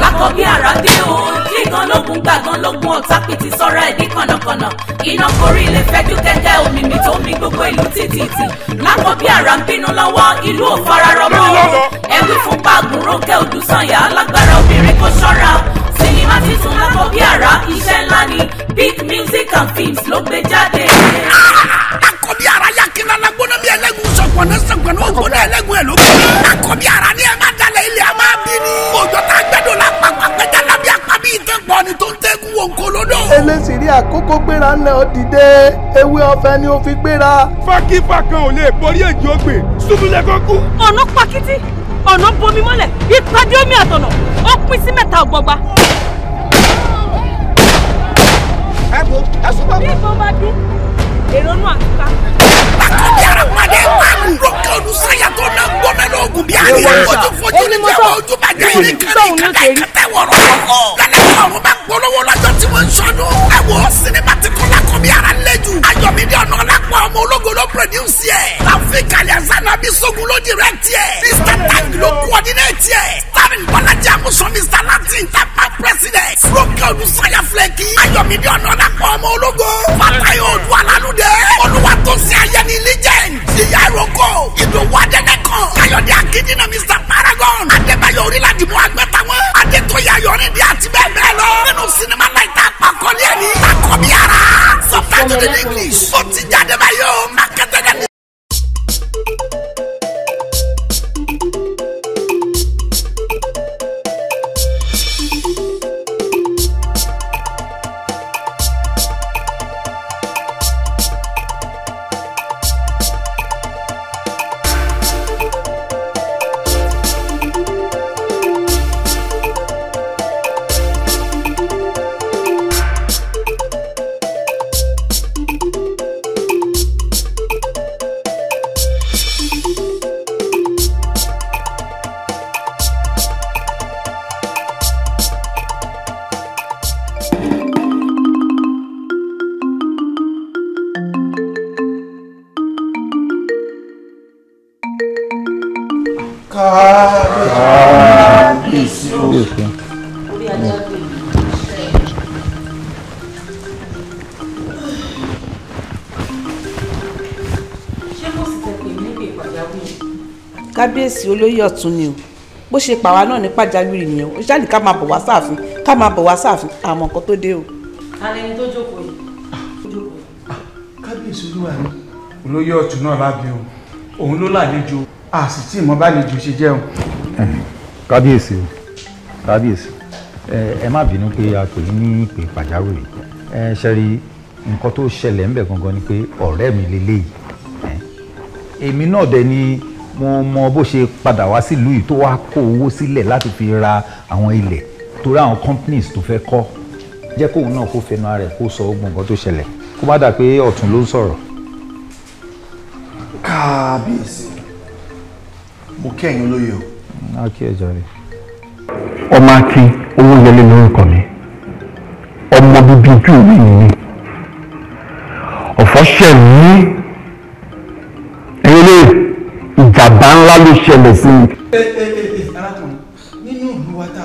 kákọ bí àràdé o kígan lógun gbàgan lógun ọ̀tá pìtì sọ́ra ẹ̀dí kànnàkànnà iná korí ilé fẹ́jú kẹ́kẹ́ omi mi tó mi gbogbo ìlú títìtì lákọ bí àrà ń bínú lọ́wọ́ ìlú ò fara rọmọ ẹ̀wí fún paagun rónkẹ́ odùsànyà alágbára obìnrin kò ṣọ́ra sinimá titun lákọ bí àrà iṣẹ́ ńlá ni big music and films ló gbé jáde. Ah! lákọ bí àrà yà kí n nana gbóná bí ẹlẹ́gùn sànpọ̀nà sànpọ̀nà ògbóná ẹlẹ́gùn ẹ̀ ló gbé. àkọ́bí ara ni ẹ má dalẹ̀ ilẹ̀ a máa bí ni. òjò tá a gbẹ́dọ̀ la pàpà pẹ́jà lábí àpábí ìtẹ́ pọ̀ ni tó ń tẹ́kù wọn kó lódò. eléṣìírí àkókò gbéra ń lẹ ọ dìde ewé ni o fi gbéra. fákífà kan ò lè borí èjì ògbè súnmílẹ̀ kan kú. ọ̀nà pàkìtì ọ̀nà bomi mọ́lẹ̀ ìpàdé omi àtọ̀nà ó pín sí mẹ́ta ọ̀gbọ̀gba. èrò nù àtúkà. bákan ara wa nípa lókè olùsáyà tó náà gbọ́ mẹ́lẹ̀ ogun bí àlè ojú fojú ní jẹ́wọ́ ojú bá jẹ́ eré kárí kàdá ìkàtẹ́ wọ̀rọ̀ lálẹ́ ọ̀run bá polówó lọ́jọ́ tí wọ́n ń sọdún ẹ̀wọ̀ sinimá ti kọ́ lákọ̀ bí ara lẹ́jù ayọ̀mídìí ọ̀nà ọ̀làpọ̀ ọmọ ológo ló pẹ̀lúsì ẹ̀ láfin kalẹ̀ zanabi sogun ló direct ẹ̀ mr tang ló coordinate ẹ̀ starring bọ́lájà muso mr latin tapa president lókè olùsáyà flẹ́kì ayọ̀mídìí ọ̀nà ọ̀làpọ̀ ọmọ ológo fatayo olúwalalúdẹ olúwa tó sí ayẹni legend ìyárokò ìdòwò adẹ́nẹ́kàn káyọ̀dé akíndínà mr paragon adébáyọ̀ orílẹ̀-àdìmọ̀ àgbẹ̀tàwọn adétòyè ayọ̀rìndí àti bẹ́ẹ̀ bẹ́ẹ̀ lọ nínú sinimá láìta àpàkọ́lé ẹ̀rí àkọ́bí ara subtitled in english ó ti jáde báyọ̀ màkàtẹ́gẹ́dẹ́. sí olóyè ọ̀tún ni o bó ṣe pàwa náà ní pàjáwìrì nìyẹn o ṣáà ní ká máa bọ̀ wá sáàfin ká máa bọ̀ wá sáàfin àmọ́ nǹkan tó dé o. alẹ́ ni tó jókòó yìí. Ah, kábíyèsí olúwa mi olóyè ọ̀tún náà lábẹ́ o òun ló lálejò a sì tí ìmọ̀ bá lejò ṣe jẹun. kábíyèsí o kábíyèsí ẹ má bínú pé a pè ní ìpè pàjáwìrì ẹ ṣe rí nǹkan tó ṣẹlẹ̀ ńbẹ̀ gangan ni pé ọ̀rẹ́ mi lélẹ́yìí èmi náà dẹ ni mo mọ bó ṣe padà wá sílùú yìí tó wá kó owó sílẹ̀ láti fi ra àwọn ilẹ̀ torí àwọn companies tó fẹ́ kọ́ jẹ́ kóun náà kó fẹnu ara ẹ̀ kó sọ ogun nǹkan tó ṣẹlẹ̀ kó má dà pé ọ̀tún ló ń sọ̀rọ̀. kábíyèsí mo kẹ́yìn olóye o. akí ẹ̀jọ̀ rẹ̀. ọmọ akin owó yẹlé lórúkọ mi ọmọ bíbí ojú mi nìyí ọ̀fọ̀ ṣẹ̀ mí. ńlá ló ṣẹlẹ̀ sí i. Eh, eh, eh, nínú ìlú wa tá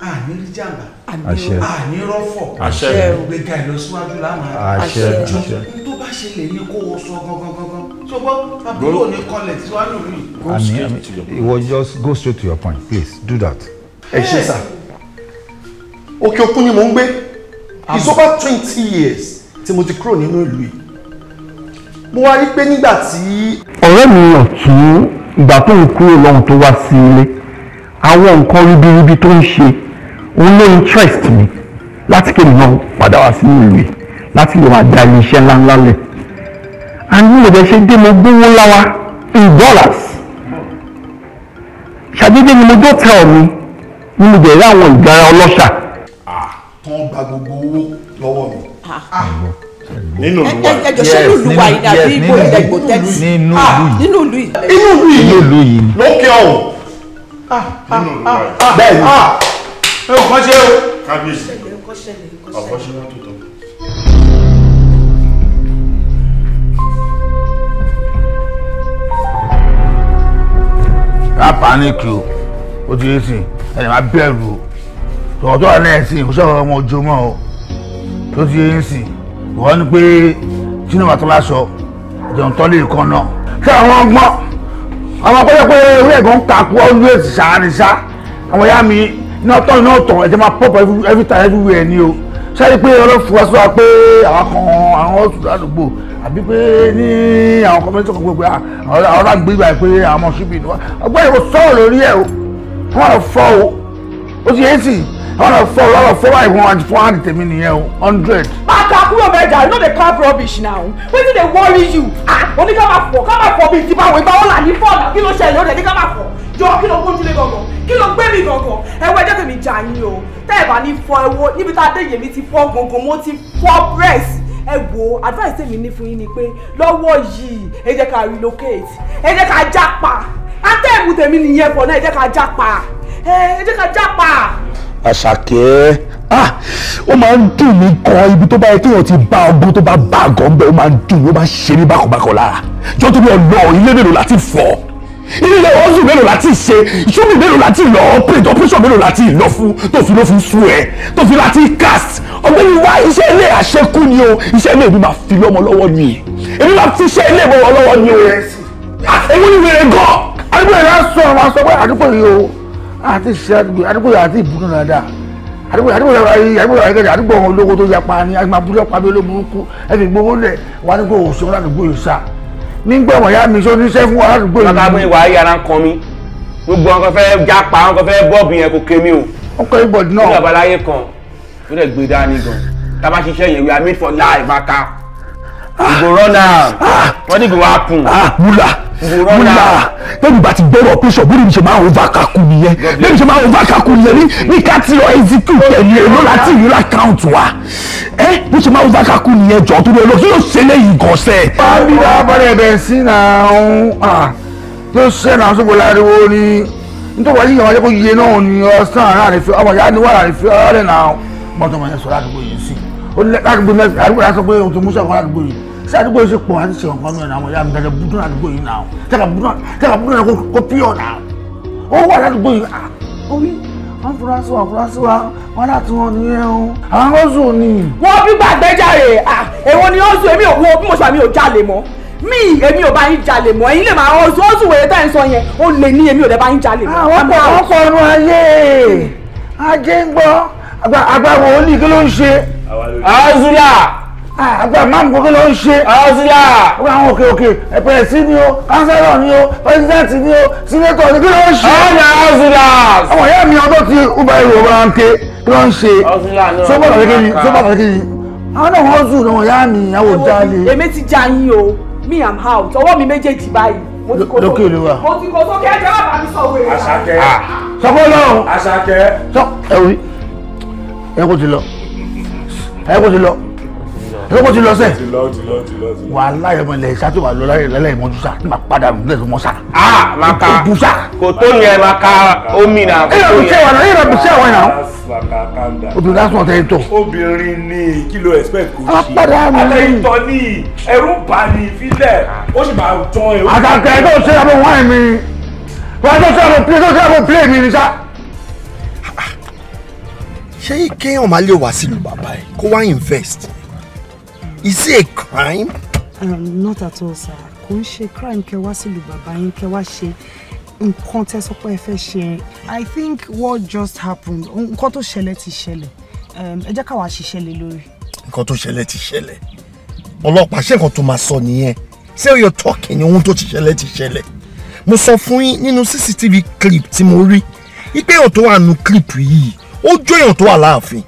àní rí jàǹbá àní rọ́fọ̀ gbẹ̀gà ìlọsíwájú láwọn ará jọ tó bá ṣẹlẹ̀ ní kó o sọ gangan gangan ṣùgbọ́n àbúrò ní kọlẹ̀ tí wàá lòlù yìí. ìwọ just go straight to your point please do that. ẹ ṣe sà òkè òkun ni mò ń gbé it's over twenty years tí mo ti kúrò nínú ìlú yìí mo wá rí pé nígbà tí. ọ̀rẹ́ mi ọ̀tún ìgbà tó ń kúrò lọ́hùn tó wá sí ilé àwọn nǹkan ribiribi tó ń ṣe òun ló interest mi láti kéde náà padà wá sí ìlú yìí láti lè máa da iléeṣẹ́ ńláńlá lẹ̀ àní ìrẹ̀dẹ̀ ṣe dé mo gbówó láwa in dollars ṣàdédé ni mo jọ tẹ ọ mi ni mo jẹ̀rẹ̀ àwọn ìgárá ọlọ́ṣà. àtọ́ ah, gba gbogbo owó lọ́wọ́ mi. Ah. Ah nínú ìlú wa ẹjọ ṣe nínú ìlú wa yìí àbí ibo ẹgbò tẹ́tí ah, ah, nínú ìlú yìí nínú ìlú yìí nínú ìlú yìí lókè ọ̀hún ah, nínú ìlú wa bẹ́ẹ̀ ni ẹ ò kọ́ṣẹ́ o kábíyèsí ọ̀kọ́ṣẹ́ náà tó tọ́. panic o o ti yé sìn ẹni máa bẹ̀rù tọ̀tọ̀ ẹ̀ náà sìn kò sọ̀rọ̀ ọmọ ojú o tó ti yé sìn wọ́n ní pé sinimá tó láṣọ jẹun tọ́lé nǹkan náà ṣé àwọn ọgbọ́n àwọn akọ́jọ́ pé orí ẹ̀gàn ń takú always ṣàánìṣá àwọn ìyá mi iná tọ́ iná tọ̀ ẹ̀jẹ̀ máa pop every time everywhere ni o ṣé rí i pé ọlọ́fù wá sọ́wọ́ pé àwọn kan àwọn ọ̀sùn ládùúgbò àbí pé ní àwọn kọ́mẹ́ntì kan gbogbo àwọn ọ̀rá gbé ibà pé àwọn ọmọ ṣíbì ni wọ́n ọgbọ́n ìwọ sọ̀rọ̀ lórí ẹ̀ o wọ́n fọ́ o ó ti yé sí i Hundred. fọ́ ọ̀rọ̀ fọ́ wáyé wọn àti fún àǹtí tèmi nìyẹn o hundred. bàtà kúrò mẹ́ta you no dey cap rubbish now wetin dey worry you ah, oní ká máa fọ̀ ká máa fọ̀ bíi ìdìbò àwọn ìgbà ọ̀là ní fọ́ọ̀là kí ló ṣẹlẹ̀ ó dẹ̀ ní ká máa fọ̀ jọ kí ló gbójúlé gangan kí ló gbé mi gangan ẹwọ́ ẹjọ́ tèmi jà yín o tẹ́ ẹ̀ bá ní fọ ẹwọ́ níbi tá a dé yèmí ti fọ́ gangan mo ti fọ́ breast ẹ wo advice tèmi ní fún yín ni pé lọ́wọ́ yìí ẹ jẹ́ ká relocate ẹ jẹ́ ká jápa atẹ́ẹ̀mù tèmi nìyẹn fọ̀ náà ẹ jẹ́ ká jápa ẹ jẹ́ ká jápa àṣàkẹ́ ah ó máa ń dùn mí gan ibi tó bá yẹ kéèyàn ti bá ọgbọ́n tó bá bá àgọ́ ń bẹ̀ ó máa ń dùn mí ó máa ń ṣe mí bákọ̀bákọ̀ lára jọ́ tóbi ọ̀nà ilé mélòó láti fọ́ ilé ọ̀sùn mélòó láti ṣe ìṣúbì mélòó láti lọ ọ̀pẹ̀t ọ̀pẹ̀ṣọ̀ mélòó láti lọ fún tó fi ló fi sú ẹ tó fi láti cast ọ̀gbẹ́ni wá iṣẹ́ ilé àṣekú ni o iṣẹ́ ilé mi máa fi lọ́mọ lọ́wọ́ ni èmi máa fi iṣẹ́ ilé mi lọ́wọ́ àti ṣe àdúgbò àdúgbò àti ìbùkún dáadáa àdúgbò àdúgbò àdúgbò àgbẹ̀dẹ̀ àdúgbò àwọn olówó tó yapa ni àgbà abúlé pàbí olóburúkú ẹbí gbowó lẹ̀ wà nígbà òsì wọn ládùúgbò yìí sá nígbà wọn yá mi sọ níṣẹ́ fún wọn ládùúgbò yìí. bàbá mi wà á yára ń kan mi gbogbo àwọn kan fẹ́ jápa àwọn kan fẹ́ bọ́ọ̀bù yẹn kò ké mi o. wọn kọ ibọdì náà. ní babaláyé kan ó dẹ̀ gbé dání gan tá a bá ṣiṣẹ́ yẹn we are made for life maka you go run am wetin go happen. mula mula bẹ́ẹ̀ni bá ti gbọ́rọ̀ píṣọ̀ bí mi ṣe máa ń over kakú nìyẹn bí mi ṣe máa ń over kakú nìyẹn ní káàtì ọ̀ execute ẹ̀yìn èrò láti ìlú account wa ẹ bí ṣe máa ń over kakú nìyẹn jọ tó lọ lọ kí ló ṣe lẹ́yìn gọ̀ọ́sẹ̀. bábí wa bọ̀rẹ̀ ẹ̀bẹ̀ sí náà ọ̀hún tó ṣẹ̀nà àṣọ́gbó láriwo ni nítorí wàá yíyan wáyé kó yẹ náà ni ọ̀sán àárín àrífẹ́ ọmọ ìyá ni wàá àrífẹ́ ọ̀rẹ́ náà mọ́tò mọ́ yẹn sọ ládùúgbò yìí sí i ó ní ládùúgbò mẹ́fì àdúgbò yà sọ pé òun ti mú sẹ́wọ̀n ládùúgbò yìí sí àdúgbò yìí ṣe pọ̀ àti ṣe nǹkan náà àwọn ìyá mi tẹ̀lé búdú àdúgbò yìí náà tẹ̀lé búdú tẹ̀lé búdú náà kó píọ̀ náà ó wà ládùúgbò yìí ó ah, ní wọ́n fura sí wa fura sí wa wọ́n láti wọn ní ẹ̀ o àwọn oṣù ni. wọ́n fi gbàgbé jàre ah, èwo ni oṣù èmi ò wo bí mo ṣe ò jalè mọ́ mi èmi ò bá yín jalè mọ́ ẹ̀yin lè máa ọsùn ọsùn wèrè tẹ́ ń sọ yẹn ó lè ní èmi ò dẹ̀ bá yín jalè mọ́. àwọn ọkọ̀ ọkọ̀ ọ̀run ayé ajé ń gbọ́ àgbà wòlíì kí ló ń ṣe. azula. Ah. àgbà máàmù kí ló ń ṣe. azula. àgbà àwọn òkè òkè pẹ̀sì ni o kánsẹ́lọ̀ ni o pẹ́sidẹ́ǹtì ni o sínétọ̀ ni kí ló ń ṣe. ọ̀nà azula. àwọn ìyá mi ọdún ti uba ìwé ọba ń ké kí ló ń ṣe. azula náà sọ́bọ̀tà kékeré sọ́bọ̀tà kékeré. àwọn náà wọ́n zùn náà ìyá mi ìyàwó jalè. èmi ti já yín o me am out ọwọ́ mi méjèèjì báyìí mo ti kó So mo ti kó sókè ẹjẹ bàbá mi sọ wèrè. àṣàkẹ́ ah. sọkọ́ lọ́rùn àṣàkẹ́ sọ ẹ̀wí ẹ kó ti lọ ẹ kó ti lọ ẹ kó ti lọ sẹ wàhálà yẹn mọ ilẹ̀ ìṣá tó wà lọ láyé lẹ́lẹ́ ìmọ̀jú sá tí màá padà nù lẹ́sùn mọ́ sá. a laka kò tó yẹn laka omi na kò tó yẹn. ẹ yẹra bùsẹ̀ àwọn yẹn obìnrin lásán ọ̀tẹ̀ ìtọ̀. obìnrin ni kí ló expect kò ṣe alẹ́ ìtọ̀ ni ẹ̀rù bá ní ìfilẹ̀ ó sì máa tán ẹ̀rù. àtàkẹ́ tó ṣe àbọ̀ wáìn mi wáìn tó ṣe àbọ̀ plé tó ṣe àbọ̀ plé mi ni sá ṣé kéèyàn máa lè wá sílùú bàbá ẹ kó wá invest is it a crime. Um, not at all sir kò ń ṣe crime kẹ wá sílùú bàbá yín kẹ wá ṣe nǹkan tẹ sọ pé ẹ fẹ́ ṣe i think what just happened nǹkan tó ṣẹlẹ̀ ti ṣẹlẹ̀ um, ẹ jẹ́ káwa ṣiṣẹ́ lé lórí. nǹkan tó ṣẹlẹ̀ ti ṣẹlẹ̀ ọlọ́pàá ṣé nǹkan tó máa sọ nìyẹn ṣé oyè tọ́kì ni ohun tó ti ṣẹlẹ̀ ti ṣẹlẹ̀ mo sọ fún yín nínú cctv clip tí mo rí ipe òtó wà nù clip yìí ó jó èèyàn tó wà láàfin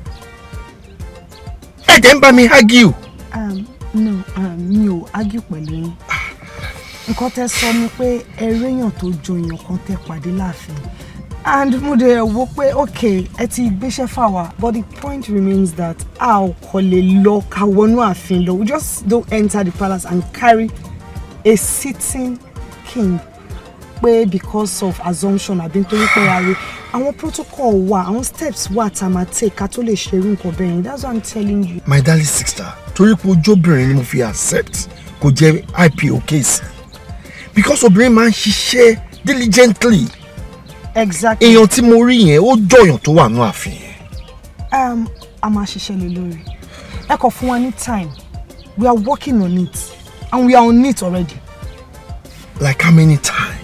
ẹ jẹ́ ń bá mi argue. Um, no um, mi ò argue pẹ̀lú yín nǹkan tẹ́ sọ ni pé ẹrú èèyàn tó jó èèyàn kan tẹ́ pàdé láàfin and mo dẹ̀ wò pé ok ẹ ti gbéṣẹ́ fáwa but the point remains that a ò kò lè lọ ká wọnú ààfin lọ we just don't enter the palace and carry a sitting king pé because of assumption àbí nítorí pé a rí àwọn protocol wà àwọn steps wà tá a máa take ká tó lè ṣe irú nǹkan bẹ́ẹ̀ yẹn that's what i'm telling you. my darling sister torí pé ojú obìnrin ni mo fi accept kò jẹ́ IPO case because obìnrin máa ń ṣiṣẹ́ diligently. exactly èèyàn tí mo rí yẹn ó jọyàn tó wà nù ààfin yẹn. Um, a máa ṣiṣẹ́ lé lórí ẹ kàn fún wa ní time we are working on it and we are on it already. like how many times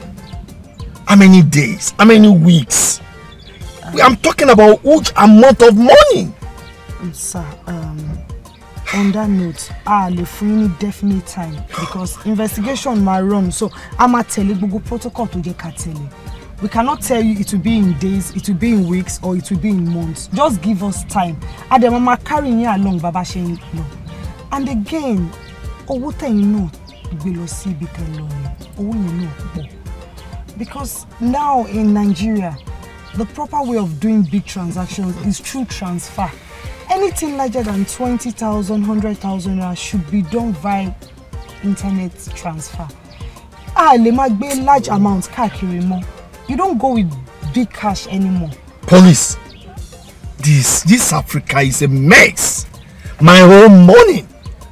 how many days how many weeks. I'm talking about huge amount of money. Um, sir, um, on that note, a lè fún yín definite time because investigation might run so a máa tẹ̀lé gbogbo protocol to yẹ cartel. We cannot tell you it will be in days, it will be in weeks or it will be in months. Just give us time. A dẹ̀ mama carry yín along bàbá ṣe ń And again, oh, what I know, lọ sí ibi tẹ̀lọ́ yẹn, owó Because now in Nigeria, The proper way of doing big transactions is through transfer. Anything larger than 20,000, 100,000 should be done via internet transfer. Ah, lè might be large amounts carry more. You don't go with big cash anymore. Police, this, this Africa is a mess. My own money.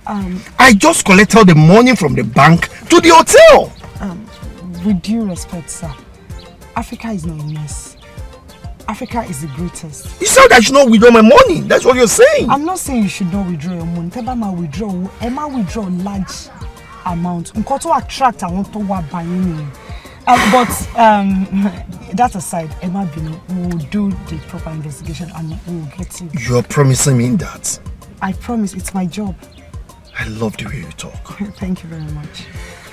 Um, I just collect all the money from the bank to the hotel. Um, with due respect, sir, Africa is not a mess. Africa is the greatest. You said I should not withdraw my money. That's what you're saying. I'm not saying you should not withdraw your money. Tẹ́bá my withdraw Emma, withdraw large amount. Nǹkan tó attract want tó buy báyìí uh, But um, that aside, Emma, má we will do the proper investigation and we will get you. You're promising me that? I promise, it's my job. I love the way you talk. Thank you very much.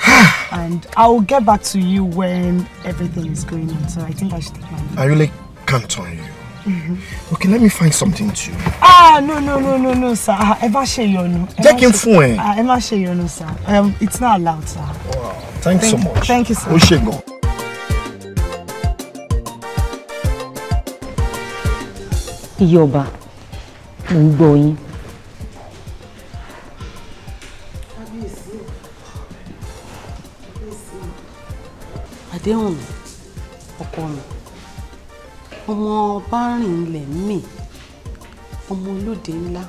and I'll get back to you when everything is going on. So I think I should take my leave. Are you like count on you. Mm -hmm. Okay, let me find something to you. Ah, no, no, no, no, no, sir. Ah, ẹ má ṣe yọnu. Jẹ́ kí n fún I ever share ṣe no sir. Um, it's not allowed, sir. Wow, thanks thank, so much. Thank you, sir. We ṣe go. Yoba, ọba, going. ń gbọ́ yín. Àdéhùn mi, ọkọ ọmọ bárìn ilẹ̀ mì ọmọ olóde ńlá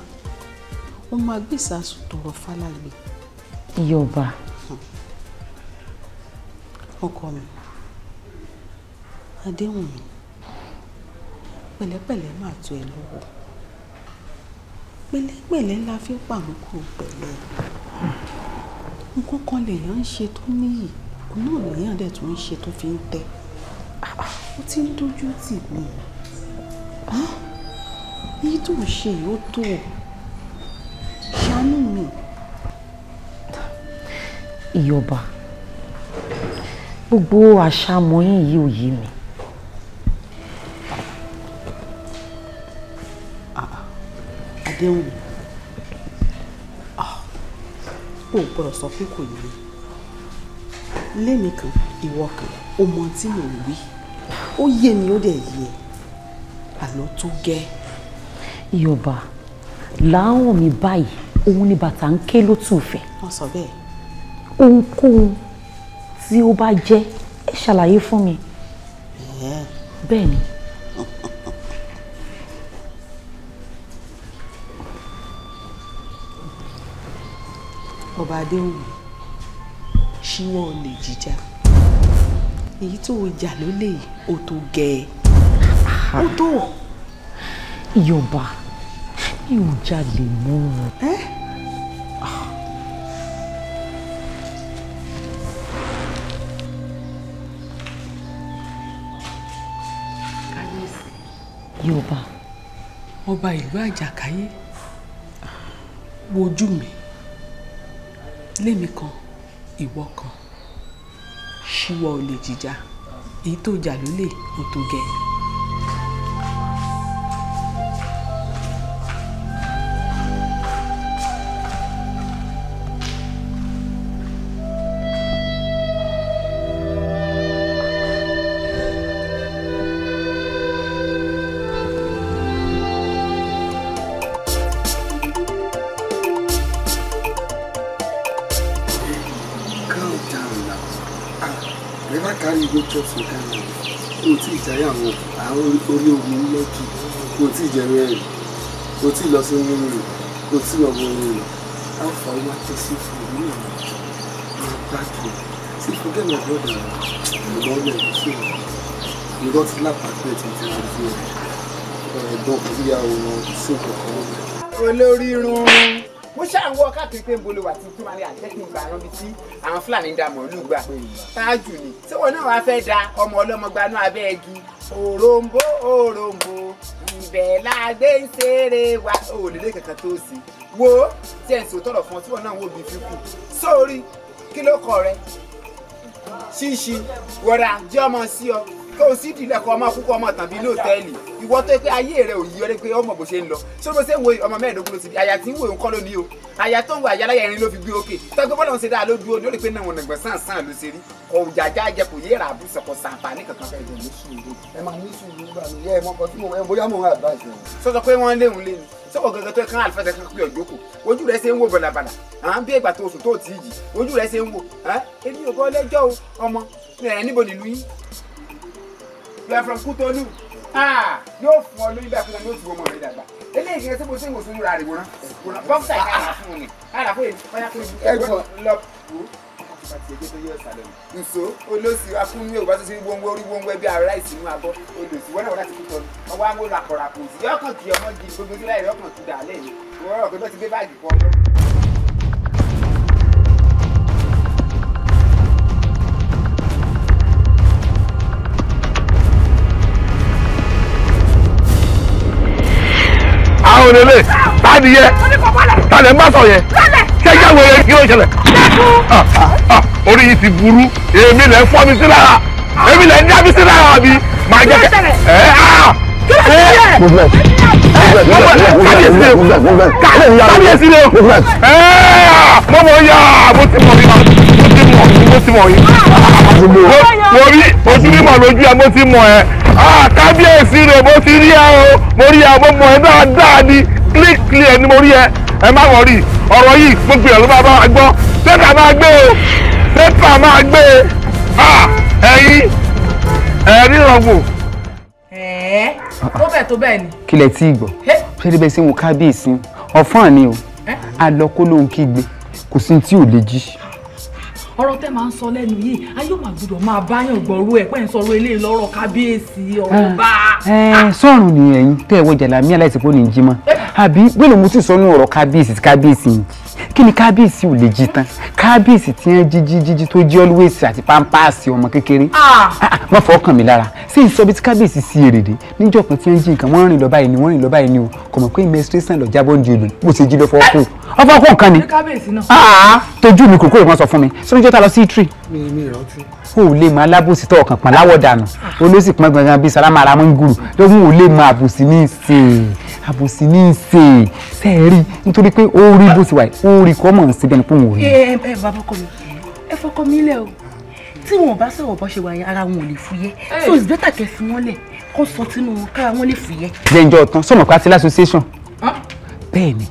ó máa gbé ìsàsùn tọrọ fálàgbé. ìyọba. ọkọ mi adéhùn mi pẹ̀lẹ́pẹ̀lẹ́ máa tó ẹ lọ́wọ́ pẹ̀lẹ́pẹ̀lẹ́ la fi pàmùkù pẹ̀lẹ́ nǹkan kan lèèyàn ń ṣe tó níyì òun náà lèèyàn dẹ̀ tún ń ṣe tó fi ń tẹ́ ó ti ń dójú tì mí èyí tó ń ṣe yìí ó tó ṣàánú mi. ìyọba gbogbo àṣà mọyìn yìí ò yé mi. àdéhùn ò ah, gbọ́dọ̀ sọ pé kò yé lémi kan ìwọ kan ó mọ tí mò wí ó yé mi ó dẹ̀ yé àlọ́ tó gẹ́. ìyọba láwọn mi báyìí òun ni bàtà ń ké lótú ìfẹ́. wọ́n sọ bẹ́ẹ̀. ohunkóhun tí ó bá jẹ́ ẹ ṣàlàyé fún mi. bẹ́ẹ̀ ni. ọba adéhùn ṣíwọ́ olè jíjà èyí tó o jà lólè o tó gẹ ẹ o tó. ìyọba mi ò jalè mọ́ ọ. ìyọba. ọba ìlú àjàkáyé wojú mi lémi kan ìwọ kan ṣíwọ́ olè jíjà èyí tó jà lólè ó tó gẹ̀ẹ́. lọ sí ní rè kò tí lọ wọ rè alfa wa ti sí fún mi náà máa gbàgbé sí forget my brother ẹ̀gbọ́n rẹ̀ kò sí ọ̀rọ̀ nǹkan ti lápapẹ̀ tí ti ṣe fún ẹ̀ ẹ̀gbọ́n kò sí ìyàwó wọn sí ìkọ̀kọ̀ wọn. olórí run mo ṣàǹwọ káàkiri pé nbolo wà tí túmọ̀ alẹ́ àjẹ́ kí n gbà rán tí àwọn fúlàní ń da mọ̀ọ́lù gbà ṣáájú ni tí wọn náà wàá fẹ́ da ọmọ ọlọ́mọ gbanú abẹ́ òròǹbó òròǹbó ibẹ̀ la gbé ń ṣeré wa. o ò lélẹ́ kankan tó sí wo tí ẹ̀ ń sọ tọ̀rọ̀ fún ọ tí wọn náà wò bí fi kù sórí kí ló kọ rẹ ṣíṣí wọ̀rà jẹ́ ọmọ sí ọ kó o sì dìlẹ̀ kó o máa kú kó o máa tàn bí ilé òtẹ́ẹ̀lì ìwọ tó yẹ pé ayé rẹ ò yí ọ pé ọmọ bó ṣe ń lọ ṣé bó ṣe ń wo ọmọ mẹ́ẹ̀ẹ́dógún ló ti di àyà tí ń wo nǹkan ló ní o àyà tó ń wo àyà láyà irin ló fi gbé òkè tọ́gbẹ́ bọ́lá ń ṣe dáa ló dúró lórí pé náà wọn nàgbọ̀n sàn sàn ló ṣe rí kò jàjà jẹ kò yé ra àbúṣe kò sàǹfà ní kankan fẹ́ jọ lóṣù ẹ máa ní sùúrù nígbà mi yẹ ẹ mọ nǹkan tí mo bóyá mo ń àbá ìṣẹ́ sọ́sọ́ pé wọ́n léwu léwu sọ́kọ̀ gẹ́gẹ́ tó kán àlùfẹ́ kan pé ọ̀jọ́kọ̀ ojú rẹ̀ ṣe ń wò bàlàbàlà à ń bí ìgbà tó oṣù tó tì í yìí ojú rẹ̀ ṣe ń wò ẹ́ èmi ò kọ́ lẹ́jọ́ ọmọ ẹ̀ níbo nílùú yín you are from Kútọ́lù ah, yóò fún ọ lóyún bá fún ọ yóò fún ọmọ rẹ dàgbà eléyìí kìí ṣe bó ṣe ń wò sínú ra rè wòran wòran bọ́ksà yìí kára fún un ni kára fún èmi kọ́yá fún èmi ẹ̀gbọ́n lọ wò pàtì ẹgbẹ́ tó yẹ ọ̀sà lọ ni. nso olóòsì akúnmí òbá tó ṣe wọ́nwọ́ orí wọ́nwọ́ ara ìsìnú abọ́ olóòsì wọ́n náà wọ́n láti kútọ́ ni ọwọ́ àwọn olùakọ̀rọ̀ àpòsí yọkàn kì ọmọ gidi gbogbo sílẹ̀ yọkàn kì dà lẹ́yìn wọ́n rọ̀ pé bọ́ ti gbé báàgì pọ̀ lọ́rùn. àwọn onílé tani yẹ tani ń bá sọ yẹ kẹjá wẹrẹ kí ló ṣẹlẹ̀ ah, ah, ah, orí yìí ti burú èmi lẹ fọ́ mi sí lára èmi lẹ ń dá sí lára mi máa jẹ kẹ ẹ á ẹ kábíyèsí lè kábíyèsí lè mọ́mọ́ yá mo ti mọ̀ mi máa mo ti mọ̀ yìí. mo rí mo ti rí mọ̀ lójú ẹ mo ti mọ̀ ẹ. kábíyèsí rẹ̀ mo ti rí ẹ o mo rí ẹ mo mọ̀ ẹ dáadáa ni clear clear ni mo rí ẹ. ẹ má wọ̀ rí ọ̀rọ̀ yìí gbogbo ẹ̀ ló bá bá wa gbọ́ pépà máa gbé o pépà máa gbé e ẹ̀yin ẹ̀rí rọ̀gbò. ẹ̀ẹ́ tó bẹ̀ tó bẹ́ẹ̀ ni. kílẹ̀ tí ì gbọ́ ṣé ẹni bẹ́ẹ̀ sí wọn kábíyèsí ọ̀fọ́n ni o a lọ kó lóun kígbe kò sí tí ò lè jí ọ̀rọ̀ tẹ́ máa ń sọ lẹ́nu yìí ayé mà gbọ́dọ̀ máa báyàn gbọ́rú ẹ̀ pẹ́ ń sọ̀rọ̀ eléyìí lọ́rọ̀ kábíyèsí ọ̀rọ̀ eh, bá. ẹ eh, sọ̀rọ̀ ni ẹ̀yin tẹ́ ẹ̀ wọ jàlámí aláìsíkò ní jímọ̀ eh. àbí bẹ́ẹ̀ ló mo sì sọ nínú ọ̀rọ̀ kábíyèsí kábíyèsí yìí kí ni kábíyèsí ò lè jí tán kábíyèsí tí wọ́n jí jí jíjí tó jí always àti pampasì ọmọ kékeré wọ́n fọkàn mi lára sí ìsọbi tí kábíyèsí sí èrèdè níjọ́ kan tí wọ́n jí nǹkan wọ́n rìn lọ báyìí ni wọ́n rìn lọ báyìí ni o kò mọ̀ pé menstruation lọ jábọ́ di olù bó ṣe jí lọ fọwọ́ kù ọfọ kù nǹkan ni ah! tójú mi kòkòrò kan sọ fún mi sọ níjọ́ ta lọ sí tree. mi mi ìrántí ó lè mọ alábòsí tó ọkàn pọ̀n láwọ̀ dànù ó ló sì pọ́n gangan bíi sálámà ara mọ́ ń gùrù lóhùn ó lè mọ àbòsí ní í ṣe àbòsí ní í ṣe nítorí pé ó rí bó ti wà ó rí kọ́ mọ̀ ń bẹ́ẹ̀ ni pé òun ò ẹ ẹ bàbá ọkọ mi ẹ fọkọ mi lẹ o tí wọn bá sọ̀rọ̀ bó ṣe wà ara wọn ò lè fúyẹ́ so it's better kẹ́ fi wọ́n lẹ̀ kó sọ tínú wọn kára wọn lè fúyẹ́. jẹ́ ìjọ ọ̀tán sọ̀mọ̀ pátí l'association bẹ́ẹ̀ ni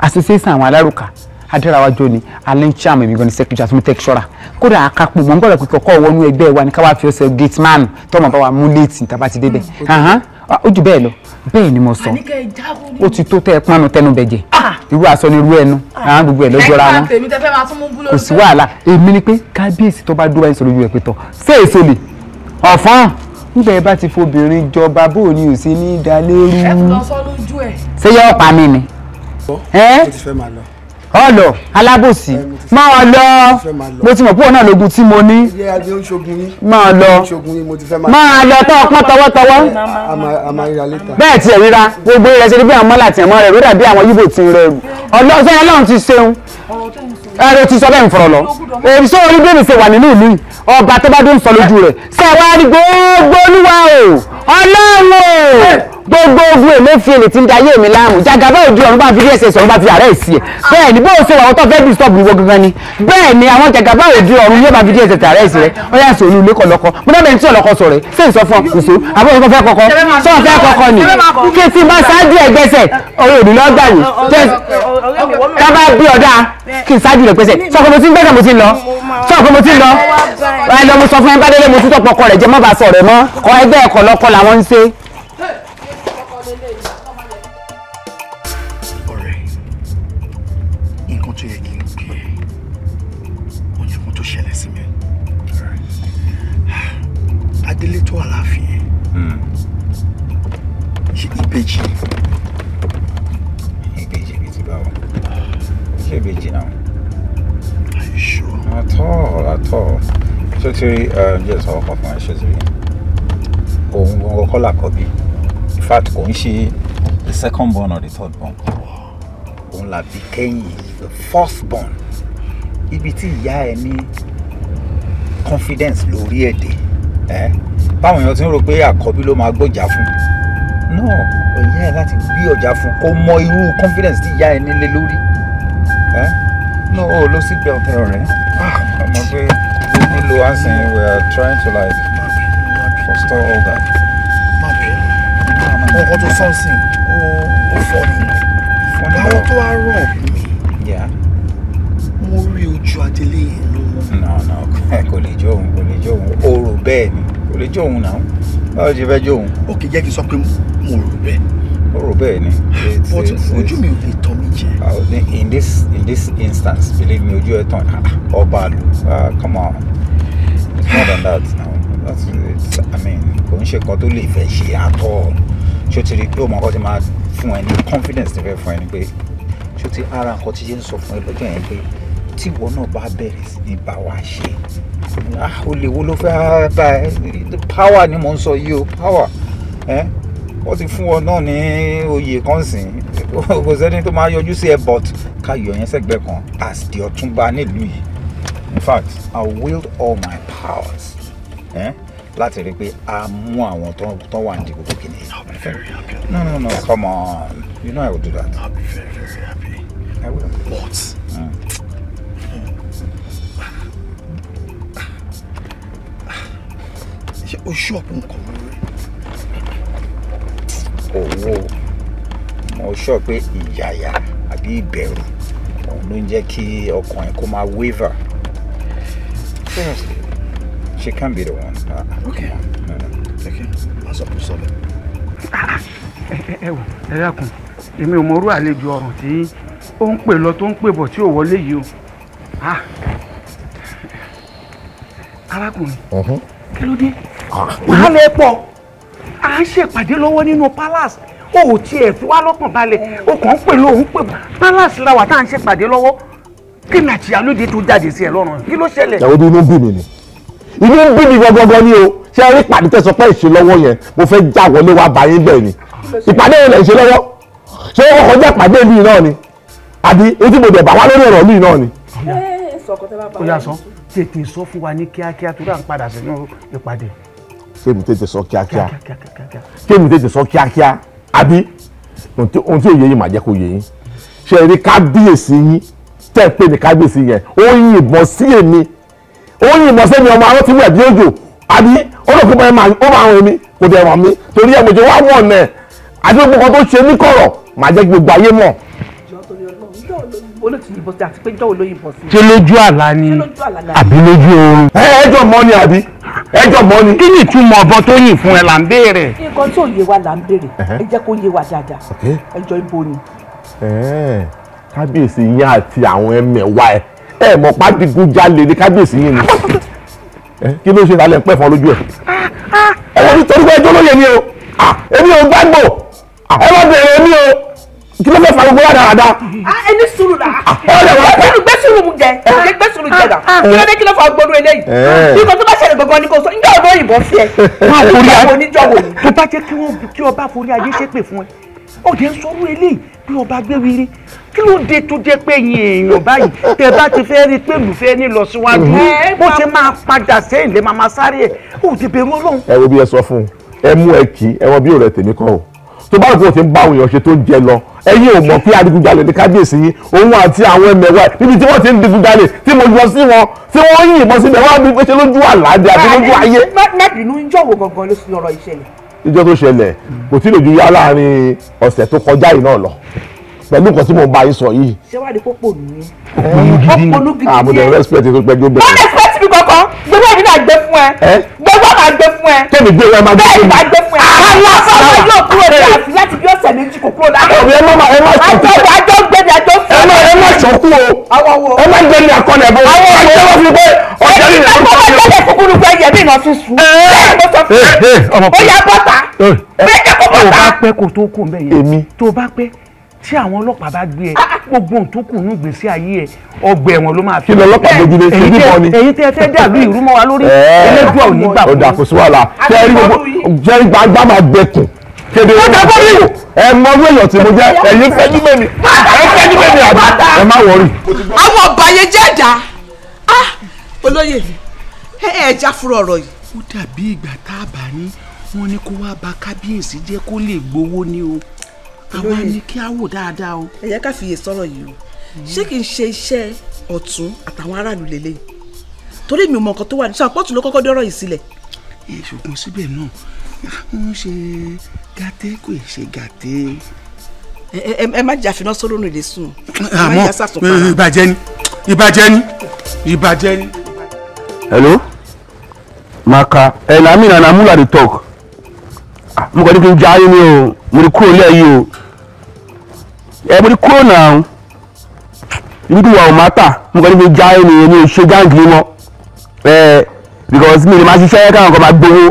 association àwọn alárùkà adérawa jó ni allen cham èmi gan ni secretary àti tẹkisọ́ra kódà àkàpọ̀ mọ̀ ń gbọ́dọ̀ pé kọ́kọ́ wọnú ẹgbẹ́ wa ni káwá fi ọsẹ gate man tọmọ bá wa mú léètì tàbá ti débẹ̀ mm, ó jù bẹ́ẹ̀ lọ bẹ́ẹ̀ ni mo sọ ó ti tó tẹ́ ẹ pánu tẹnu bẹ̀jẹ̀ ah! irú aṣọ ni irú ẹnu ah! àwọn gbogbo ẹ̀ lọ́jọ́ra wọn kò sí wàhálà èmi ni pé kábíyèsí tó bá dúró ẹ̀ ń sọ lójú ẹ̀ pé tọ̀ ṣé èso lè ọ̀fọ́n níbẹ̀ bá ti fobìnrin jọba bó ni ò sí ní dalérú ṣé yọ ọ̀pá mi ni. ó ti fẹ́ máa lọ ọlọ alábòsí máa lọ mo ti mọ̀ púpọ̀ náà lógun tí mo ní máa lọ máa lọ tọ́ ọpọ́n tọwọ́tọwọ́ bẹ́ẹ̀ tiẹ̀ ríra gbogbo rẹ̀ ṣe ní bí àwọn mọ́là tiẹ̀ mọ́ rẹ̀ ló dàbí àwọn yíbò ti rẹ̀ rù ọlọ́sẹ́ ọlọ́run ti ṣeun ẹ̀rọ ti sọ bẹ́ẹ̀ ń fọ̀rọ̀ lọ èyí sọ orí bẹ́ẹ̀ ṣe wà nínú ìlú ọba tó bá dún sọ lójú rẹ̀ sẹ́wàá ni gbogbo olúwa o ọlọ́run o gbogbo ogun Emefiele ti ń da ayé mi láàmú jàgàbá òdi ọ̀run bá fi rí ẹsẹ̀ sọ̀rọ̀ bá fi àárẹ̀ ìsì ẹ̀ bẹ́ẹ̀ ni bó o ṣe wà wọ́n tó fẹ́ disturb ní gbogbo gan ni bẹ́ẹ̀ ni àwọn jàgàbá òdi ọ̀run yóò bá fi rí ẹsẹ̀ tààrẹ̀ ìsì rẹ̀ ó yà sọ olú ilé kọlọkọ mo dábẹ̀ tí ọlọkọ sọ̀rọ̀ ẹ̀ ṣé n sọ fún ọ kò sọ ni kí ti bá ṣáájú ẹ̀ gbẹ́sẹ̀ orí òdì lọ́ gbà yìí tábà bí ọ̀dà kí n ṣáájú rẹ̀ gbẹ́sẹ̀ sọ pé mo ti ń gbẹ́sẹ̀ mo ti ń lọ sọ pé mo ti ń lọ ẹ lọ mo sọ fún ẹ bá délé mo tún tọpọ ọkọ rẹ jẹ má bàa sọ rẹ mọ ọ ẹgbẹ́ ẹ̀kọ́ lọ́kọ́ làwọn ń ṣe tó wà láàfin hmm. ṣe ìbejì ìbejì bíi ti báwo ṣe ìbejì náà. Are you sure? At all, at all. ṣé ti rí uh, ǹjẹ́ ìsọ̀rọ̀ kan fún ẹ ṣé ti rí òun gbogbo kọ́là kọ́bí in fact kò ń ṣe the second born or the third born òun là bí kẹ́yìn the first born ibi tí ìyá ẹ ní confidence lórí ẹ̀dẹ̀ ẹ́. Eh? táwọn èèyàn ti ń rò pé àkọ́bí ló máa gbọ́jà fún náà ìyá ẹ láti gbé ọjà fún kó mọ irú confidence tí ìyá ẹ nílé lórí ẹ no o ló sì bẹ ọtẹ rẹ ọmọ ah, pé we nílò ansin we are trying to like forestall all that. ọkọ tó sọ́ọ̀sìn ó fọ́ ni báwo tó wá rọ̀ mí mo rí ojú adelé yẹn lọ́wọ́. no no kò lè jó òun kò lè jó òun oòrùn bẹ́ẹ̀ ni lè jó òun náà báwo ṣe fẹ́ jó òun. ok jẹ́ kí n sọ pé mo rò bẹ́ẹ̀. mo rò bẹ́ẹ̀ ni. but ojú mi ò lè tọ́ mi jẹ. in this in this instance believe me ojú ẹ tán ah, ah, ọba lu ah, come on it's more than that now that's it's, i mean kò ń ṣe kan tó lè fẹ́ ṣe àtọ̀ ṣó ti rí pé òun ọkọ ti máa fún ẹ ní confidence ti fẹ́ fún ẹ ní pé ṣó ti ara nǹkan ti ṣe ń sọ fún ẹ lọ́jọ́ yẹn pé tíwọ náà bá bẹ̀rẹ̀ sí ní bá wa ṣe Ah, o lè wo ló fẹ́ bá ẹ eh, power ni mò ń sọ yìí o power ẹ eh, wọ́n ti fún ọ náà ní oyè kan sìn kò sẹ́ni tó máa yọjú sí ẹ but ká yọ yẹn sẹ́gbẹ́ kan as the ọ̀túnba nílùú yìí in fact I wield all my powers eh? láti rí i pé a mú àwọn tó wà ní ìdìbò kìíní. no no no come on you know I will do that. I'll be very very happy. I will. What? ṣe oṣù ọ̀pọ̀ nǹkan owó mo sọ pé ìyàyà àbí ìbẹ̀rù òun ló ń jẹ́ kí ọkàn ẹ̀ kó máa seriously she can be the one. Uh, okay. No, no. okay. má sọ fún sọlẹ. ẹ wò ẹ dákun èmi ò mọrú àlejò ọ̀ràn tí ó ń pè lọ tó ń pè bọ̀ tí ò wọlé yìí o ah. arákùnrin mm-hmm. kí ló dé wàhálà ẹ pọ̀ à ń ṣèpàdé lọ́wọ́ nínú palace o ò tiẹ̀ fi wá lọ́kàn balẹ̀ o kàn ń pè lóhùn pè palace la wà tá à ń ṣèpàdé lọ́wọ́ kí ni àtìyá lóde tó jáde sí ẹ lọ́rùn kí ló ṣẹlẹ̀. ìyàwó bí inú bí mi ni inú bí mi gangan ni o ṣé ẹ rí ìpàdé tẹsán pé ìṣe lọ́wọ́ yẹn mo fẹ́ já wọlé wá bá yín bẹ́ẹ̀ ni ìpàdé yẹn lè ṣe lọ́wọ́ ṣé wọ́n kọjá ìpàdé mi náà ni àbí etí mo dẹ̀ bá wá lórí ọ̀rọ̀ mi náà ni. ó yà sọ tètè sọ fún wa ní kíákíá torí à ń padà sínú ìpàdé kéèmù tètè sọ kíákíá kéèmù tètè sọ kíákíá àbí ohun tí ò yé yín màá jẹ́ kó yé yín ṣe eré kábíyèsí yín tẹ́ pé ní kábíyèsí yẹn ó yìnbọn sí èmi ó yìnbọn sẹ́mi ọmọ arọ́ tí wẹ̀ bí òjò àbí ó lọ́ọ́ pípa ẹ̀ máa ó máa rìn mí kò dẹ̀ ràn mí torí ẹ̀ mọ̀jẹ̀ wá wọ̀ ọ̀nà ẹ̀ àti gbogbo kan tó ṣe ní kọ̀rọ̀ màá jẹ́ gbogbo ayé mọ̀. ṣé lójú àlá ni àbí lójú oorun. ẹ ẹ jọ mọ ni àbí ẹ jọ̀gbọ́n ni. kí ni ìtumọ̀ ọ̀bọ tó yìn fún ẹ là ń béèrè. nǹkan tí ò yé wa là ń béèrè ẹ jẹ́ kó yé wa dáadáa ẹ jọ ibo ni. kábíyèsí yín àti àwọn ẹmẹ̀wá ẹ ẹ mọ̀ pàdígúnjalè ni kábíyèsí yín ni kí ló ṣe ìdálẹ̀ ń pẹ́ fún ọ lójú ẹ. ẹ wọ́n ti torí pé ẹjọ́ lóye ni o èmi ò gbàgbọ́ ẹ má bẹ̀rẹ̀ mi o kí ló fẹ́ fa gbogbo wa dáadáa. Ah, ẹ ní sùúrù la ah, ah, ẹ gbé sùúrù mu jẹ ẹ gbé sùúrù jẹ la kí ló dé kí ló fa gbogbo eléyìí eh. nígbà tó bá ṣẹlẹ̀ gbọ̀ngàn ni kò sọ nígbà ọ̀dọ́ òyìnbó fi ẹ. máa forí ayé oníjọwò tó bá jẹ́ kí wọ́n kí ọba forí ayé ṣépè fún ẹ ó jẹ́ ń sọ̀rọ̀ eléyìí bí ọba gbé wíri kí ló dé tó jẹ́ pé yin èèyàn báyìí tẹ bá ti fẹ́ rí pé lùfẹ́ ní lọ síwájú eh, bó ṣe máa padà sẹ́yìn lè máa máa sáré ẹ̀ ó ti bẹ̀rù ọlọ́run. ẹ wo bí ẹ sọ fún un ẹ mú ẹ kì ẹ wọn bí òrẹ tèmi kan o tó bá lọ́tí ti ń bá àwọn èèyàn ṣe tó ń jẹ lọ ẹ̀yin ò mọ̀ pé adigunjalè ní kábíyèsí yín òun àti àwọn ẹ̀mẹ̀wá níbi tí wọ́n ti ń digunjalè tí mo lọ sí wọn tí wọ́n yìn ìbọn síbẹ̀ wọ́n á bí pẹ́ṣẹ́ lójú àlàdé àti lójú ayé. mẹ́bìnú ń jọ̀wọ́ gangan ló sì lọ́rọ̀ ìṣẹ̀lẹ̀. ìjọ tó ṣẹlẹ̀ kò tí ì lè ju yá láàrin ọ̀sẹ̀ tó kọjá yìí náà lọ pẹ̀lú nǹkan tí mo bá yín sọ yìí. ṣé wàá di pópò nìyí. òpònú gidi ni òpònú gidi ah, ni. àmọ́ dẹ̀ respect tó gbẹ́jọ́ bẹ̀rẹ̀. wọ́n respect mi kankan gbogbo èmi náà gbé fún ẹ. gbogbo máa gbé fún ẹ. tẹ́mi gbé wọn máa gbé fún mi. bẹ́ẹ̀ ni máa gbé fún ẹ. Ah, àwọn ọmọ yóò kúrò láti láti bí ọ̀sẹ̀ méjì kò kúrò láti. Ah, ẹ má ẹ má sọ kú. àjọ gbé ni àjọ fún ẹ. ẹ má sọ kú o. ẹ má gbé ni àkọlẹ̀ bọ̀. àwọn ọmọ yóò fi pé ọjọ́ eh, ni ìlànà tó ń lọ. kúkúrú pé yẹmí ìnà tún sùn. bẹ́ẹ̀ ló sọ fún mi. ó yà bọ́ta. bẹ́ẹ̀ jẹ́ tí àwọn ọlọ́pàá bá gbé ẹ gbogbo nǹkan kù ní ìgbésí ayé ẹ ọgbẹ ẹ̀wọ̀n ló máa fi. kí lọ ọlọ́pàá gbójúlé sí ibi bọ ni. èyí tẹ fẹ́ dàbí ìrú mọ́ wa lórí ẹlẹ́dùn òní gbà fún mi. ọ̀dà kò sí wàhálà jẹ́rí gbogbo jẹ́rí gbàgbà máa dẹkùn. kéde wọn kọ́ mi wò ẹ mọ owó èèyàn tí mo jẹ ẹ̀yin fẹ́jú mẹ́mi ẹ fẹ́jú mẹ́mi àbá ẹ má wọrí. àwọn ọ̀bàyẹ jẹ́ ẹ̀dá ah olóyè ẹ já fúru ọ̀rọ̀ yìí. ó dàbí ìgbà tá a bá ní wọn ní kó wá bà kábíyèsí jẹ́ kó lè gbowó ní àwọn àní kí á wò dáadáa o. ẹ yẹ ká fiyè sọ̀rọ̀ yìí o ṣé kìí ṣe iṣẹ́ ọ̀tún àtàwọn aráàlú lélẹ̀ torí mi ò mọ nǹkan tó wà ní sàpọ́tù ló kọ́kọ́ dọ́rọ̀ yìí sílẹ̀. ẹ ṣùgbọ́n síbẹ̀ náà ń ṣe gàtẹ kò ì ṣe gàtẹ. ẹ má jà finá sóró nílé sùn. àmọ́ ìbàjẹ́ ni ìbàjẹ́ ni ìbàjẹ́ ni. hello maka ẹ na me na mula dey talk mo kàn ní kí n jáde ni o mo ní kúrò lẹ́yìn o ẹ mo ní kúrò náà ibi tí ò máa tà mo kàn ní kí n jáde ni èmi ò ṣe jáǹkì mọ́ ẹ because mi ni máa ṣiṣẹ́ káwọn kan máa gbowó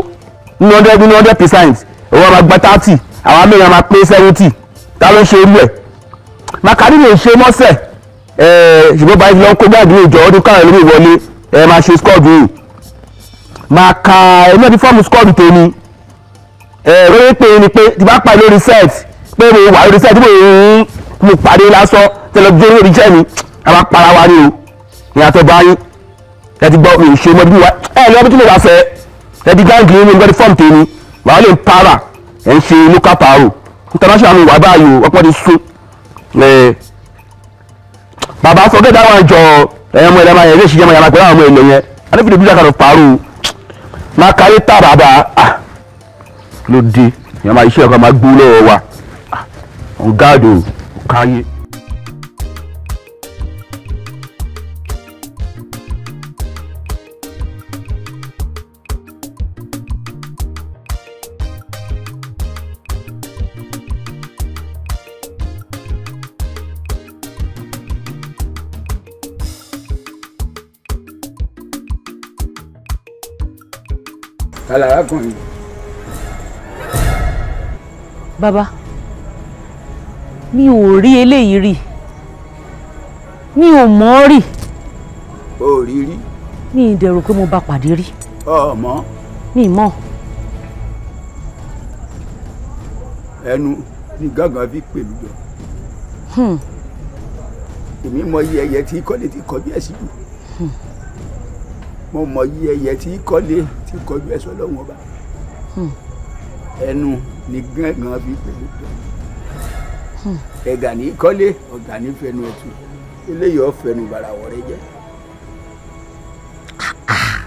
ní hundred ní hundred percent owó máa gba thirty àwọn amẹ́rin máa pé seventy ta ló ṣe irú ẹ̀ màkàrí ṣe mọ́sẹ̀ ẹ ṣùgbọ́n báyìí ti lọ kó gbàgbé ìjọ ọdún káwọn ẹlòmíì wọlé ẹ máa ṣe squad yìí màkà ẹni ẹ ti fọ́ọ̀mù squad tèmi ẹ̀rọ yẹn pé ni pé tí bá pa lórí set pé mo wà lórí set mo ń mo pàdé lásán tẹlifíṣẹ́ lórí iṣẹ́ mi a máa para wa ni o ní àtọ́ báyìí ẹ ti gbọ́ mi ò ṣe mọ́ bí wa ẹ ní ọdún tí mo bá fẹ́ ẹ ti gáàngì ní ìgbẹ́ni fọ́ọ̀mù tèmi wàá lè para ẹ̀ ń ṣe local paro international mi wà báyìí o ọpọ́ ti sún bàbá sọ gẹ́gẹ́ àwọn àjọ ẹ̀yẹ́mọ ẹ̀lẹ́mọ ẹ̀yẹ́ lè ṣiṣẹ́ mọ̀ yàrá pẹ̀lú àwọn ọmọ ènìyàn adébìdì bí sàkàtọ̀ paro máa káyé tá bàbá ah ló dé ìyá máa iṣẹ́ ọkọ̀ máa gbó lọ́wọ́ wa ah, ọ̀gá àdó káyé. Hello, I'm going bàbá mi ò rí eléyìí rí mi ò mọ̀ ọ́ rí. o rí rí. mi ì dẹ̀rù pé mo bá pàdé rí. ọmọ. mi mọ̀. ẹnu ni gángan fi pèlú jọ. Hmm. èmi mọ iye ẹyẹ tí kọ́lé ti kọjú ẹ̀ sí jù hmm. mo mọ iye ẹyẹ tí kọ́lé ti kọjú ẹ̀ sọ́lọ́wọ́n ọba hmm. ẹnu. Hmm ni gángan fi pẹ̀lú pẹ̀lú ẹ̀gà ní kọ́lé ọ̀gà ní fẹnu ẹ̀tù eléyìí ọ̀fẹ́nu barawọ̀ rẹ jẹ́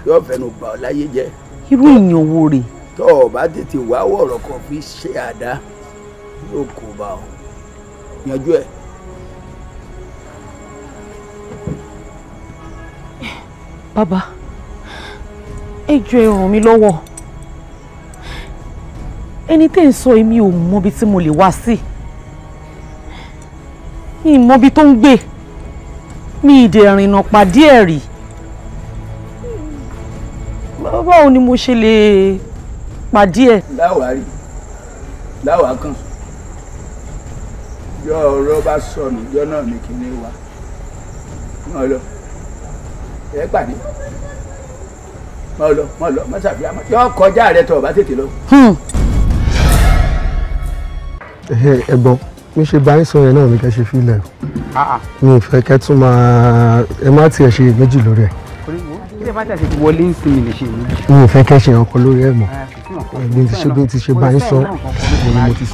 yóò fẹnu bà ọ́ láyé jẹ́. irú èèyàn wo rè. tọ́ ọ bá tètè wá wọ̀rọ̀ kan fi ṣe àdá yóò kó bá ọ yanjú ẹ̀. bàbá ẹ jọ̀ọ́ ẹ ràn mí lọ́wọ́ ẹni tẹ́ ń sọ èmi ò mọbi tí mo lè wá sí mi ì mọbi tó ń gbé mi ì dẹ̀ rìnnà pàdé ẹ̀ rí báwo ni mo ṣe lè pàdé ẹ̀. láwàá rí láwàá kan yọ ọ̀rọ̀ bá sọnù yọ náà ní kíní wa mọ lọ ẹ pàdé mọ lọ mọ lọ mọ sàfihàn yọ kọjá rẹ tó o bá tètè lọ. Hmm ẹ̀gbọ́n mi ṣe bá yín sọ yẹn náà ní kẹ́ ṣe fílẹ̀ ah, ah. mi ì fẹ́ kẹ́ tún máa ẹ má tiẹ̀ ṣe méjì lórí ẹ̀. mi ì fẹ́ kẹ́ ṣe ọkọ lórí ẹ̀ mọ́ mi ah, ti ṣe bí ti ṣe bá yín sọ mo ni mo ti.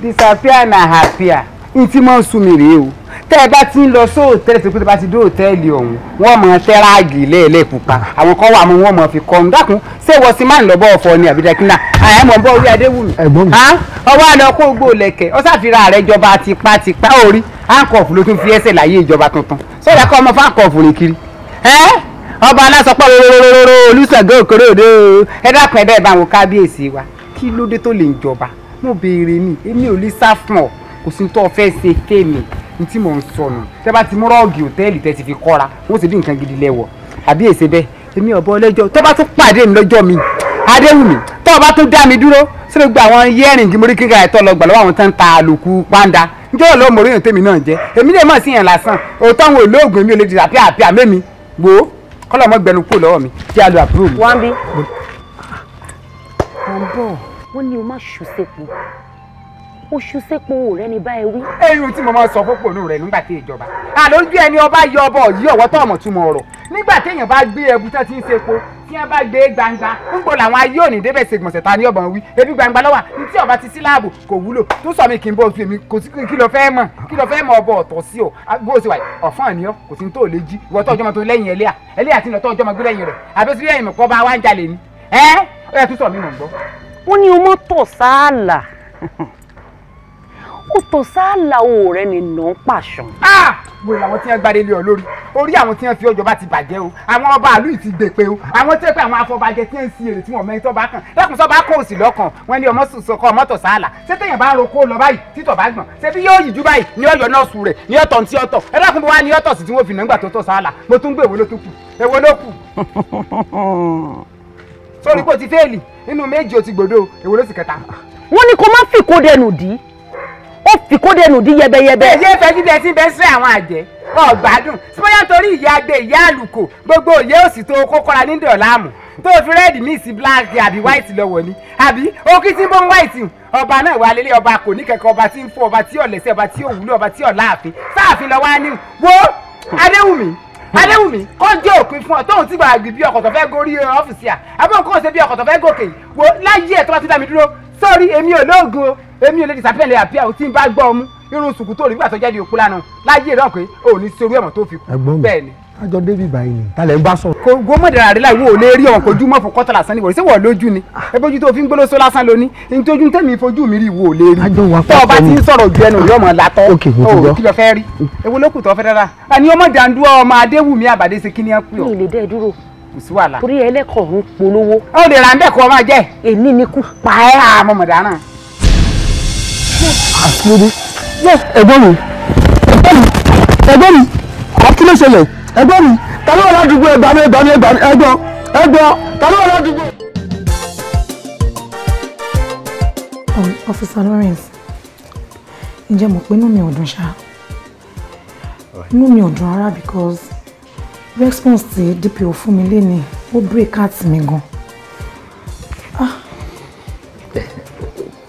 disappear na happier n ti máa ń sun mi rèé o tẹ́ ẹ bá ti ń lọ sóòtẹ́ẹ̀lì tó pé tó bá ti dé òtẹ́ẹ̀lì ọ̀hún wọ́n mọ tẹ́ráàgì lẹ́ẹ̀lẹ́ pupa àwọn kan wà mú wọ́n mọ fi kọrun dákun ṣé wọ́n sì máa ń lọ́bọ̀ ọ̀fọ̀ ni àbídẹ́kínà àyà mọ̀ bọ́ orí adéwùmí ọwọ́ àlọ́ kó gbó lẹ̀kẹ̀ ó sàfihàn ààrẹ ìjọba tipa tipa orí àǹkọ̀ọ̀fù ló tún fi ẹsẹ̀ láyé ìjọba tuntun sọ́dà kọ́ ọmọ fáǹkọ̀ọ̀fù rìn kiri ọba alásọpọ̀ rorororo olùsàgọ́ òkèrè òde ẹ dákun ẹ bẹ́ẹ̀ bá wọn kábíyèsí wa kí ló dé tó lè kò sí tó fẹ́ ṣe fèmí ní tí mò ń sọnù tẹ́ bá ti mú rọ́ọ̀gì òtẹ́ẹ̀lì tẹ́ ti fi kọ́ra wọ́n sì bí nǹkan gidi lẹ́wọ̀ àbí èsè bẹ́ẹ̀ èmi ọ̀bọ ọlẹ́jọ́ tó bá tún pàdé mi lọ́jọ́ mi adéwùmí tó o bá tún dá mi dúró síbi gba àwọn yẹ́rìn jimori kíkà ẹ̀tọ́ lọ gbà lọ́wọ́ àwọn tó ń ta àlòkù pàǹdà njẹ́ ọ̀lọ́ mọ̀rọ̀ èèyàn tèmi náà jẹ́ èmi lè mọ̀ sí yẹn lásán òótọ́ àwọn olóògùn mi ò lè di àpẹ́ àpẹ́ àmẹ́mi wò ó kọ́lọ̀ mọ́ gbẹnu kúrò lọ́wọ́ mi kí a lo àbúrò mi. wọ́n bí wọ́n bọ̀ wọ́n ní o má ṣùṣe oṣù sépo rẹ ni báyìí wí. ẹyin tí mo máa sọ fún pònú rẹ nígbà tí ìjọba àlójú ẹni ọba yọ ọbọ yìí ọwọ́ tó ọmọ túmọ̀ ọ̀rọ̀ nígbà téèyàn bá gbé ẹbú tó ti ń sepo tí wọ́n bá gbé gbangba ń gbọ́ làwọn ayé òní débẹ̀ ṣègbọ̀nsẹ̀ ta ní ọ̀bọ̀n wí ebi gbangba lọ́wọ́ tí ọba ti sí láàbò kò wúlò tó sọ mi kì í bọ́ fi èmi kò sí kí ló fẹ́ mọ̀ kí ló fẹ́ mọ̀ ọbọ̀ ọ̀tọ̀ sí ọ bó o ṣe wà ọ̀fọ́n àníyàn kò sí ní tó lè jí ìwọ tó ọjọ́ máa tó lẹ́yìn ẹlẹ́à ẹlẹ́à ti lọ tó ọjọ́ máa gbé lẹ́yìn rẹ̀ àbẹ́sí lẹ́yìn mọ̀kọ́ bá wá ń jalè ni ẹ́ ó yẹ sọ mi mọ̀ gbọ́. wọ́n ní o mọ́ tọ̀ sáàlà kòtò sáàlà òòrẹ ni nà ń pàṣán. wòye ah! àwọn tí wọn gbára ilé ọ lórí orí àwọn tí wọn fi ọjọba ti bàjẹ́ o àwọn ọba àlú ìti dèpè o àwọn tí wọn pe àwọn afọbajẹ tí wọn ń si èrè tí wọn mẹ́rin tọba kan lẹkùn sọba kò sí lọ́kàn wọn ni ọmọ sọkọ mọ́tò sáàlà ṣé téèyàn bá roko lọ báyìí títọ bá gbọn ṣé bí yóò yíjú báyìí ni ọyọ nọọsù rẹ ni ọtọ ntí ọtọ ẹ dákun bó wá ní ọtọ sí tí wọn fi nàgbà tó tọ sáàlà mo tún gbé èwo ló tó kù èwo ló kù sórí kò ti fẹ́ẹ̀lì nínú méjì o ti gbòdo èwo ló sì kẹta. wọ́n ní kó ó fi kóde nù di yẹbẹyẹbẹ. ẹ ṣe fẹ́ jíjẹ sí bẹ́ẹ̀ sí àwọn àjẹ́ ọ̀gbádùn sọ́yà torí ìyá agbe ìyá àlùkò gbogbo òye òsì tó kó kọ́ra nídìí ọ̀làmù tó fi rẹ́ẹ̀dì míì sí bíláàkì àbí wáìtì lọ́wọ́ ni àbí okí tí ń bọ́ ń wáìtì ọba náà wà lélẹ̀ ọba kò ní kẹ̀kẹ́ ọba tí ń fọ́ ọba tí ọ̀lẹ́sẹ̀ ọba tí òwúlò ọba tí ọ̀láàfin sáàfin lọ́wọ́ á ní wo adéwùmí adéwùmí kọ́ jẹ́ òpin fún ọ tóun ti gbàgbé bí ọkọ̀ tó fẹ́ gorí ọ́fíìsì à àbọ̀ nǹkan ọ̀sẹ̀ bí ọkọ̀ tó fẹ́ gòkè wo láyé ẹ̀ tó bá ti dá mi dúró sórí èmi ò lóògùn o èmi ò lè disapẹ́lẹ̀ àbíà ò tí ń bá gbọ́ ọmú irun sùkú tó rí gbà tó jáde òkú lánàá láyé rán pé ò ní sórí ọmọ tó fi kú bẹ́ẹ̀ ni. àjọ débi báyìí ni talẹ̀ ń bá sọ̀rọ̀. kò gbọ́mọ̀ dara rẹ láì wo ò lè rí ọ̀nkọ̀ ojú mọ́ fún kọ́tà lásán níwọ̀n ṣéwọ̀ lójú ni ebójú tó fi ń gbólóso lásán lóní ntójú tẹ̀mí fojú mi rí wo ò lè rí. àjọ wà pàtó mi tọ́ ọba ti ń sọ̀rọ̀ ju ẹnu yọmọ látọ́ o kí lọ fẹ́ rí ewu lókùtọ́ fẹ́ dára àní ọmọ dàndú ọmọ adéwùmí àbàdé ṣe kí ni ẹ pè ọ́. mi ò lè dẹ́ dúró kò sí wàhálà. torí ẹ lẹ́kọ̀ọ́ ń polówó. ó lè ra ń bẹ́ẹ̀ kọ́ ọ máa jẹ́. èmi ni kú pa ẹ́. a mọ̀ mọ̀ dáná. àṣírí ẹ̀gbọ́n mi ẹ̀gbọ́n mi ẹ̀gbọ́n mi kọ́ kí ló ṣẹlẹ̀ ẹ̀gbọ́n mi ta ló wà ládùúgbò ẹ̀gbọ́n mi ẹ̀gbọ́n mi ẹ̀gbọ́n ẹ̀gbọ́n ta ló wà ládùúgbò. Um, Officer Lawrence ǹjẹ́ mo pé inú mi ò dùn ṣá inú mi ò dùn rárá because response tí DPO fún mi lénìí ó break heart mi gan. Ah.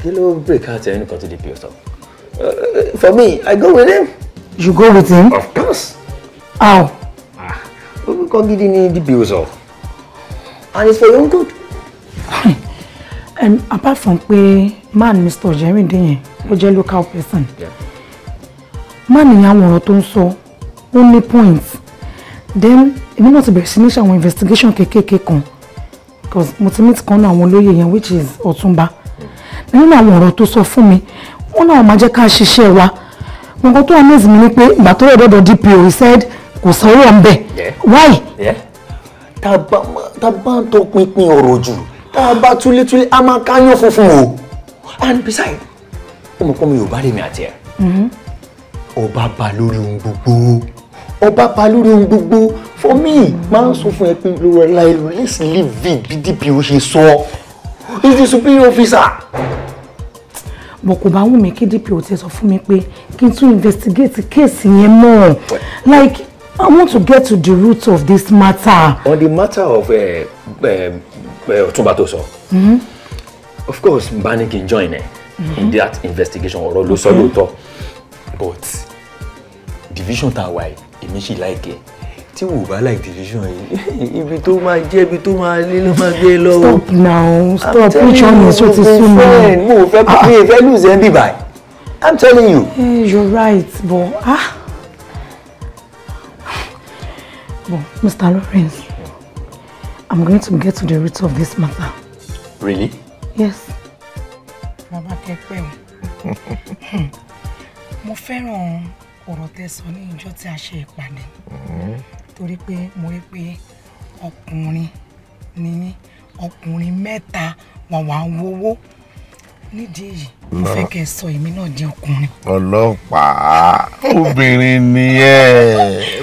kí ló break heart ẹni kan DP DPO sọ eh, for me I go with him. you go with him. of course. how. Ah, orúkọ gidi ni DPO sọ and it's for your own good. And apart from pé man Mr. Jerinde yẹn ó jẹ́ local person man yẹn àwọn ọ̀rọ̀ tó ń sọ ó ní point then èmi náà ti bẹ̀rẹ̀ sí ní ṣe investigation kéékèèké kan because mo ti meet kan náà àwọn olóyè yẹn which is ọ̀túnba nínú àwọn ọ̀rọ̀ tó sọ fún mi wọ́n náà máa jẹ́ ká ṣiṣẹ́ wa nǹkan tó amaze mi ni pé ìgbà tó rẹ̀ dọ́dọ̀ DPO he said kò sanwó ọ̀nbẹ why. tá a bá ń tọpinpin ọ̀rọ̀ jù tá a bá túlétúlé a máa káyán funfun o and besides ó mọ̀ pọ́n mi ò bá lèmi àti ẹ̀ ọba mm-hmm. bá lórí ohun gbogbo ọba pa ohun gbogbo for me máa ń sọ fún ẹ pé lọ́la let's leave it bí DPO ṣe sọ he's the superior officer. bọ̀ kò bá wù mí kí DPO tẹ sọ fún mi pé kí n tún investigate kéèsì yẹn mọ́ like I want to get to the root of this matter. on the matter of eh, eh, eh, ọtúnba tó sọ mm-hmm. of course Baniki join eh, mm -hmm. in mm-hmm. that investigation ọ̀rọ̀ ló sọ lóòótọ́ mm-hmm. but division tá a èmi sì láìkẹ tí wò bá láì decision yìí ibi tó máa jẹ́ ibi tó máa lé ló máa gbé lọ́wọ́. stop now stop which one is so ti sún mi. mo fẹ́ ah, ah. mi fẹ́ lose ẹ́ bíbá i'm telling you. you're right but ah but Mr. Lawrence i'm going to get to the root of this matter. really. yes. bàbá kẹpẹ hmm. mo fẹ́ràn ọ̀rọ̀ tẹ́ sọ ní ìjọ tí a ṣe ìpàdé mm-hmm. torí pé mo rí pé ọkùnrin ni yín ọkùnrin mẹ́ta wà wà ń wowó nídìí èyí mo fẹ́ kẹ́ ẹ sọ èmi náà jẹ́ ọkùnrin. ọlọ́pàá obìnrin ni ẹ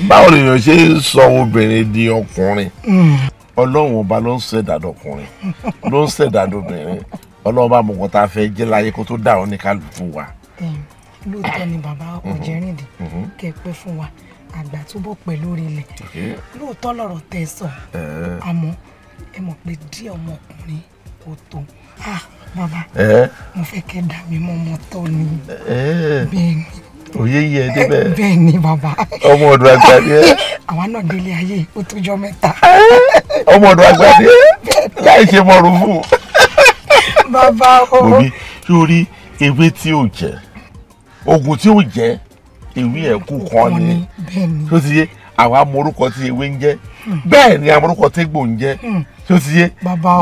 báwo lèèyàn ṣe ń sọ obìnrin di ọkùnrin mm. ọlọ́run ọba ló ń ṣẹ̀dàdọkùnrin ló ń ṣẹ̀dàdọbìnrin ọlọ́run bá mọ̀kọ́ta fẹ́ jẹ́ láyé kó tó dà ọ́ ní kálukú wa lóòótọ́ ni bàbá ọ̀jẹ̀rìndì mm-hmm. mm-hmm. kẹ́ ẹ pẹ́ fún wa àgbà túbọ̀ pẹ́ lórí ilẹ̀ lóòótọ́ lọ̀rọ̀ tẹ́ ẹ sọ eh. àmọ́ ẹ mọ̀ pé díẹ̀ ọmọkùnrin kò tó ah, bàbá eh. mo fẹ́ kẹ́ dà mí mọ́ ọmọ tọ́ ni eh. bẹ́ẹ̀ ni òye yìí ẹ débẹ̀ bẹ́ẹ̀ ni bàbá ọmọ ọ̀dọ̀ àgbà ni ẹ àwa náà délé ayé ó tójọ́ mẹ́ta ọmọ ọ̀dọ̀ àgbà ni ṣe mọ̀rún fún bàbá o. orí sórí ewé tí ò jẹ́ oògùn tí ó jẹ́ ewé ẹ̀kú kan ni tó ti yé àwa morúkọ tí ewé ń jẹ́ hmm. bẹ́ẹ̀ ni amorúkọ tí gbò ń jẹ́ tó hmm. ti yé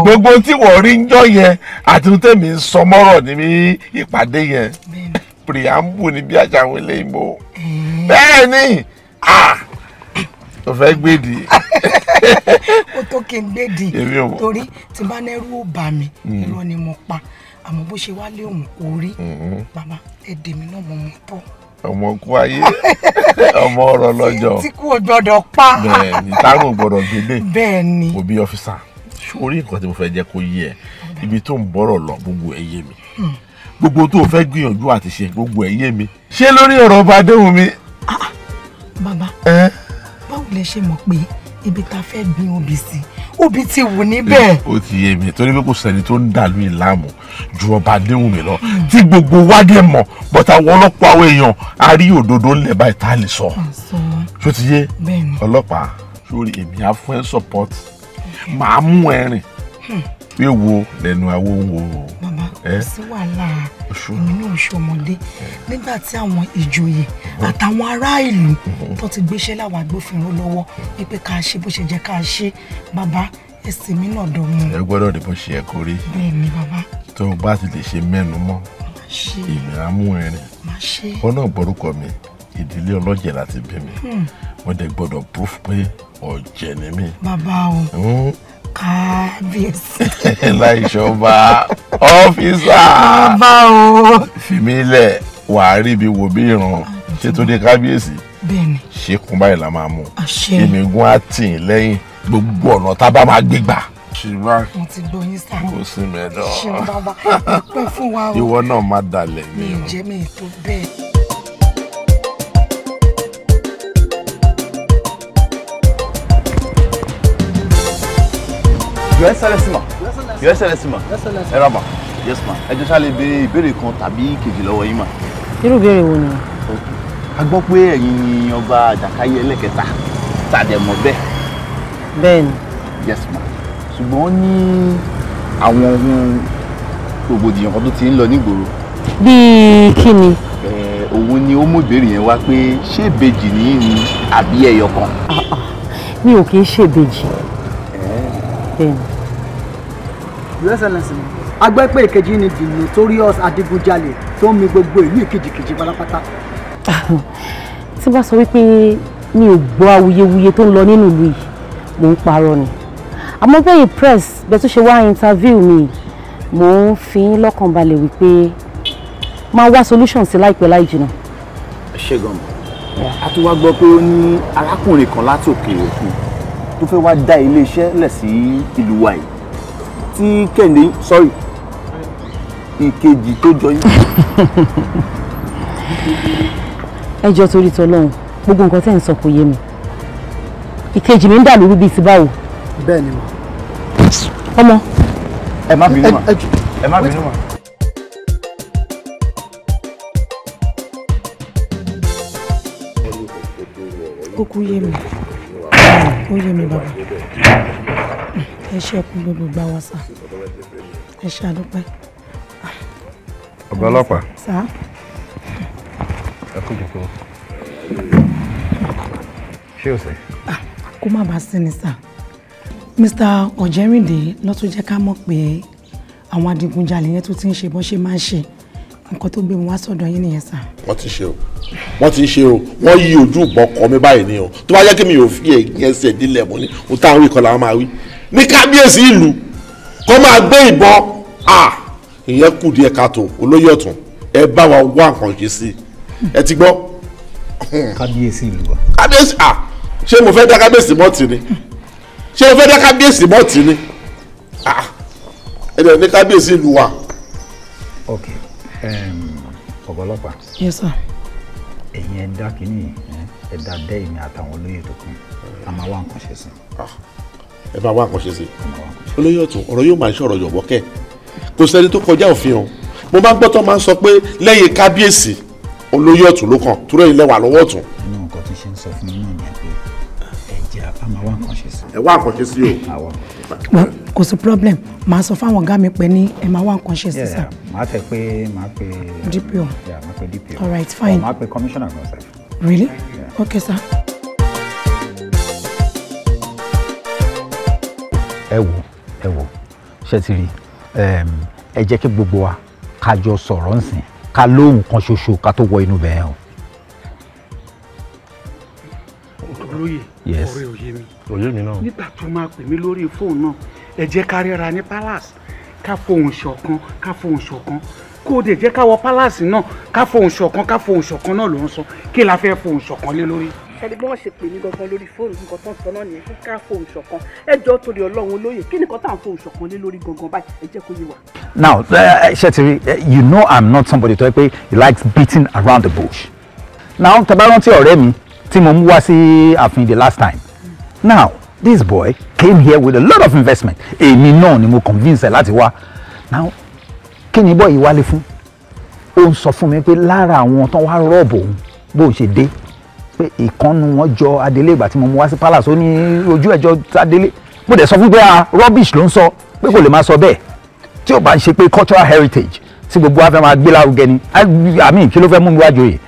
gbogbo tí wọ́n rí ń jọ yẹn àti tèmi ń sọ mọ́rọ̀ níbi ìpàdé yẹn preamble ni bí àṣà àwọn eléyìnbó bẹ́ẹ̀ ni o fẹ́ gbèdì. o tó kí n gbèdì torí tí bá nẹ́rù ó bà mí hmm. irọ́ ni mo pa àmọ́ bó ṣe wá lé òun orí bàbá mm-hmm. ẹ dèmi náà mo mú bọ́ ọmọ kú ayé ọmọ ọ̀rọ̀ lọ́jọ́ tí kú gbọ́dọ̀ pa bẹ́ẹ̀ni táwọn gbọ́dọ̀ gbélé bẹ́ẹ̀ni òbí ọfíìsà sórí nǹkan tí mo fẹ́ jẹ́ kó yé ẹ ibi tó ń bọ̀rọ̀ lọ gbogbo ẹ yé mi hmm. gbogbo tó o fẹ́ gbìyànjú àti ṣe gbogbo ẹ yé mi ṣé lórí ọ̀rọ̀ ọba adéhùn ah, ah. mi. bàbá báwo lẹ ṣe mọ̀ pé ibi tá a fẹ́ gbin obì sí obì ti wù níbẹ̀. ó ti yé mi torí pé kò sẹ́ni tó ń dàlú ìlàmù ju ọba Adéwùmí lọ tí gbogbo wa dé mọ̀ bọ́tà wọ́n ọlọ́pàá àwọn èèyàn a rí òdodo ńlẹ̀ báyìí tá a lè sọ ah, ṣó ti yé ọlọ́pàá sórí èmi á fún ẹ support màá mú ẹ rìn hmm. pé wo lẹnu awo wo. màmá kò sí wàhálà èmi náà ṣọmọdé nígbà tí àwọn ìjòyè àtàwọn ará ìlú tó ti gbéṣẹ́ láwọn agbófinró lọ́wọ́ wípé ká ṣe bó ṣe jẹ́ ká ṣe bàbá ìsinmi náà dọ̀mú. ẹ gbọ́dọ̀ rí bó ṣe ẹ kórè. bẹ́ẹ̀ni bàbá. tó o bá ti lè ṣe mẹ́nu mọ́ ìmì amúrin wọn náà gbọ́rúkọ mi ìdílé ọlọ́jẹ̀ láti bí mi wọ́n hmm. dẹ̀ gbọ́dọ̀ proof pé ọ̀jẹ̀ ni mí. bàbá o hmm. kábíyèsí. láìṣọba ọ́fíìsà. bàbá o. fìmí lẹ̀ wàá rí ibi wò bí ìran ṣètò dé kábíyèsí. bẹ́ẹ̀ni. ṣé kún báyìí la máa mú. àṣẹ. ìmìgún á tì í lẹ́yìn gbogbo ọ̀nà tá a bá máa gbé gbà. ṣùgbọ́n mo ti gbọ́ yín sáà kò sí mẹ́dọ̀ ṣùgbọ́n bàbá ìpẹ́ fún wa o ìwọ náà má dalẹ̀ mi o. mi mi tó bẹ́ẹ̀. yọ ẹsẹ lẹsìn ma yọ ẹsẹ lẹsìn ma ẹ rà ma yes ma ẹ jọ ṣáà lè ìbéèrè kan tàbí kejì lọ́wọ́ yín ma. irú ìbéèrè wo ni. a gbọ́ pé ẹ̀yin ọba àjàkáyé ẹlẹ́kẹta tàdẹ̀mọ́ bẹ́ẹ̀ bẹ́ẹ̀ni. yes ma ṣùgbọ́n ní àwọn ohun rògbòdìyàn kan tó ti ń lọ nígboro. bíi kí ni. òun ni ó mú ìbéèrè yẹn wá pé ṣé ìbejì ni yín ni àbí ẹyọ kan. Ah, ah. mi ò kì í ṣèbejì. bẹ́ẹ̀ni. your excellence mi agbẹ́ pé ìkejì ni the notorious adigunjalè tó ń mi gbogbo ìlú ìkejìkejì pátápátá. tí bá sọ wípé mi ò gbọ́ awuyewuye tó ń lọ nínú ìlú yìí mo ń parọ́ ni àmọ́ bẹ́ẹ̀ press bẹ́ẹ̀ tó ṣe wá interview mi mo ń fi yín lọ́kàn balẹ̀ wípé máa wá solution sí láìpẹ́ láì jìnnà. ṣé gan-an a tún wá gbọ́ pé ó ní arákùnrin kan láti òkè òkun tó fẹ́ wá dá iléeṣẹ́ lẹ̀ sí ìlú wa yìí tí kẹ́hìndé sorry ìkejì tó jọ yín. ẹ jọ torí tọlọ́run gbogbo nǹkan tẹ́ ń sọ kò yé mi ìkejì mi ń dà lórí bíi ti báwo. bẹ́ẹ̀ ni mà. ọmọ. ẹ má bínú mà ẹ má bínú mà. kúkú yé mi ó yé mi bàbá ẹ ṣe ẹkún gbogbo gbà wá sá ẹ ṣe àdúpẹ́. ọ̀gá ọlọ́pàá. ẹ kú jù ṣé o sẹ́ kó má bàa sí ni sà Mr. Ọ̀jẹ́rìndé ló tún jẹ́ ká mọ̀ pé àwọn adigunjalè yẹn tó ti ń ṣe bọ́n ṣe máa ń ṣe nǹkan tó gbé mi wá sọ́dọ̀ yín nìyẹn sà. wọ́n ti ṣe o wọ́n ti ṣe o wọ́n yí ojú ìbọn kọ mi báyìí ni o tó bá jẹ́ kí mi ò fi ẹ̀yìn ẹsẹ̀ dílẹ̀ mọ́ ni mo tá à ń wí kọ́ làwọn máa wí ní kábíyèsí ìlú kó máa gbé ìbọn à ìyẹn kù díẹ̀ káàtó olóyè ọ̀tún ẹ bá wa wá nǹkan ṣe sí i ẹ ti gbọ́. kábíyèsí ìlú wa. kábíyèsí à ṣé mo fẹ́ dá kábíyèsí mọ́ọ̀tì ni ṣé mo fẹ́ dá kábíyèsí mọ́ọ̀tì ni ah, ẹ̀dẹ̀ ní kábíyèsí ìlú wa. ok ọ̀gọ́lọ́pàá yes sir ẹ̀yin ẹ̀dá kìíní ẹ̀dá dẹ́ èmi àtàwọn olóyè tó kún a máa wá nǹkan ṣe sí. Ah, ẹ bá wá nǹkan ṣe sí olóyè ọ̀tún ọ̀rọ̀ yóò máa ṣọ̀rọ̀ yọ̀bọ̀ kẹ́ kò sẹ́ni tó kọjá òfin o mo máa ń gbọ́ tó máa ń sọ pé lẹ́yìn kábíyèsí olóyè ọ̀tún ló kàn túrọ̀ ilẹ̀ lọ́wọ́ ọ̀tún. inú nǹkan tí ṣe ń sọ fún mi náà ni pé máa wá nǹkan ṣe sí. ẹ wá nǹkan ṣe sí o. kò sí problem màá sọ fáwọn ọ̀gá mi pé ní ẹ máa wá nǹkan ṣe sí sà. màá tẹ pé màá pe DPO. màá all right fine. màá pe commissioner gan sef. really yeah. okay sir. ẹ wò ẹ wò ṣe ti rí ẹ jẹ́ kí gbogbo wa ká jọ sọ̀rọ̀ nsìn ká lóhùn kan ṣoṣo ká tó wọ inú bẹ́ẹ̀ o. olóyè ọ̀rẹ́ òye mi nígbà tó máa pè mí lórí fóònù náà ẹ ká ríra ní palace ká fohùn ṣọ̀kan ká fohùn ṣọ̀kan kó o ká wọ palace náà ká fohùn ṣọ̀kan ká fohùn ṣọ̀kan náà ló ń sọ kí la fẹ́ fohùn ṣọ̀kan lé lórí. sẹ́ni bí wọ́n ṣe pè mí gangan lórí fóònù nǹkan tó ń sọ náà nìyẹn ká fohùn ṣọ̀kan ẹ torí ọlọ́run olóyè kí nìkan tá à ń fohùn ṣọ̀kan lé lórí gangan báyìí ẹ kó yé wa. now ṣètìrí uh, uh, you know i'm not somebody to yẹ pé he likes beating around the bush. now tabaranti ọ̀rẹ́ mi tí mo mú wá sí ààfin the last time now this boy came here with a lot of investment èmi náà ni mo convince ẹ láti wá now kí ni bọ́ọ̀ yìí wálé fún ó ń sọ fún mi pé lára àwọn tán wá rọ́ọ̀bù òun bó ń ṣe dé pé ìkànnù wọn jọ adélé ìgbà tí mo mú wá sí palace ó ní ojú ẹjọ adélé mo dẹ̀ sọ fún pé ah, rubbish ló ń sọ pé kò lè máa sọ bẹ́ẹ̀ tí ò bá ń ṣe pé cultural heritage tí gbogbo wa fẹ́ máa gbé lárugẹ ni àmì kí ló fẹ́ mú mi wájú yìí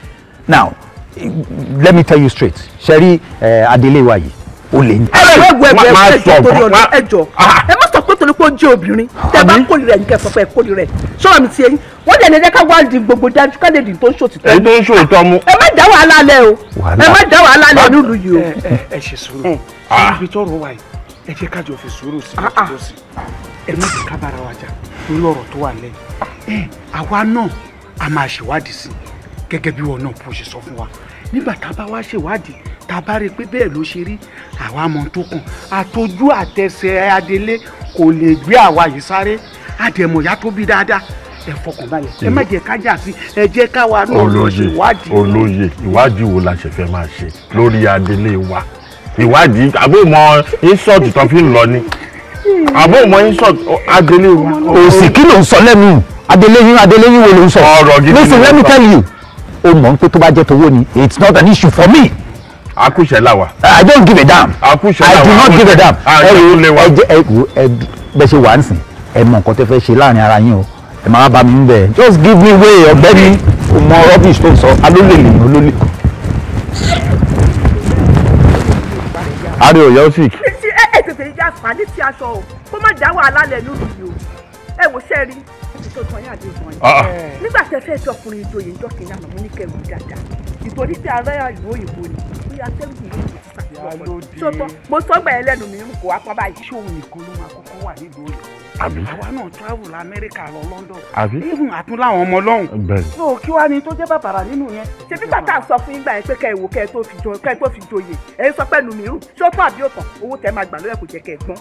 now let me tell you straight ṣẹ́rí eh, adelé wa yìí ó lè ní. ẹ lọ wẹ wẹ wẹ ẹjọ torí ọ̀nà ẹjọ ah. ẹ má sọ pé torí pé ó jẹ́ obìnrin tẹ bá kórìíra ẹ̀yìn kẹfọ́ fẹ́ kórìíra ẹ̀ sọ̀rọ̀ mi ti ẹ̀yìn wọ́n dẹ̀ ní ẹ̀jẹ̀ wá di gbogbo dájú ká lè di tó ń ṣòtítọ́. èyí tó ń ṣòtọ́ mu. ẹ má dá wàhálà lẹ o ẹ má dá wàhálà lẹ nílùú yìí o. ẹ ṣe sùúrù eh. ah. ibi tọrọ wa ẹ jẹ́ kájọ fi sùúrù sí i tó ah, sì ẹ má jẹ́ ká bára wa jà lórí ọ̀rọ̀ tó wà lẹ́yìn eh, àwa náà a máa ṣèwádìí sí i gẹ́gẹ́ bí wọn náà bó ṣe sọ fún wa nígbà tá a bá wá ṣèwádìí tá a bá rí i pé bẹ́ẹ̀ ló ṣe rí àwa mọ tó kàn àtọjú àtẹsẹ̀ adélé kò lè gbé àwa yìí sáré àdèmọ̀yá tó bí dáadáa ẹ fọkàn balẹ̀ ẹ má jẹ́ kájà sí ẹ jẹ́ káwa náà lọ ṣe ìwádìí. olóye ìwádìí wo la ṣe fẹ́ máa ṣe lórí adélé wa ìwádìí àbó mọ insult tó fi ń lọ ni àbó mọ insult adélé wa. òsì kí ló ń sọ lẹ́nu adélé yín adélé yín wo ló ń sọ. ọ̀rọ̀ gidi ló ń sọ listen let me tell you ó mọ̀ pé tó bá jẹ́ tówó ni it's not an issue for me. akúṣẹ̀ I don't give a damn. akúṣẹ̀ I do not give a damn. ẹ ẹ ẹ bẹ ṣe wà á sìn ẹ mọ nǹkan tẹ fẹ́ ṣe láàrin ara yín o ẹ máa bá mi ń bẹ̀. just give me way ọ̀gbẹ́ni o mọ rubbish tó sọ alólè lèmi olólè. ariwo yóò sì. ẹ ẹ tètè yíyá fà ní ti aṣọ o kó má dá wàhálà lẹ lórí yìí o ẹ wò sẹ́ẹ̀rí ẹ ti tó tán yá àdéhùn Ah, ah. Eh. nígbà tẹ fẹ́ sọkùnrin ìjòyè ń dọ́kì náà mo ní kẹrù dáadáa ìtòrí tí ará ìlú òyìnbó ni bóyá sẹ́yìn ìlú òyìnbó sọ́tọ̀ mo sọ́gbà ẹlẹ́nu mi kò wá pọ́ báyìí. ṣé òun nìkan ló máa kọ́kọ́ wà nílùú òyìnbó àwa náà travel la Amẹ́ríkà lọ London ihun àtúnláwọn ọmọ lọ́hùn. so kí wàá ní tó jẹ́ bàbàrà nínú yẹn. ṣé bí bàtà sọ fún yín gbà yẹn pé kẹ́ ẹ wò kẹ́ ẹ tó fi joyè ẹ sọ pẹ́ẹ́nu mìíràn ṣọ́tọ̀ àbí òtàn owó tẹ́ máa gbà lóyè kò jẹ́ kẹ́ ẹ gbọ́n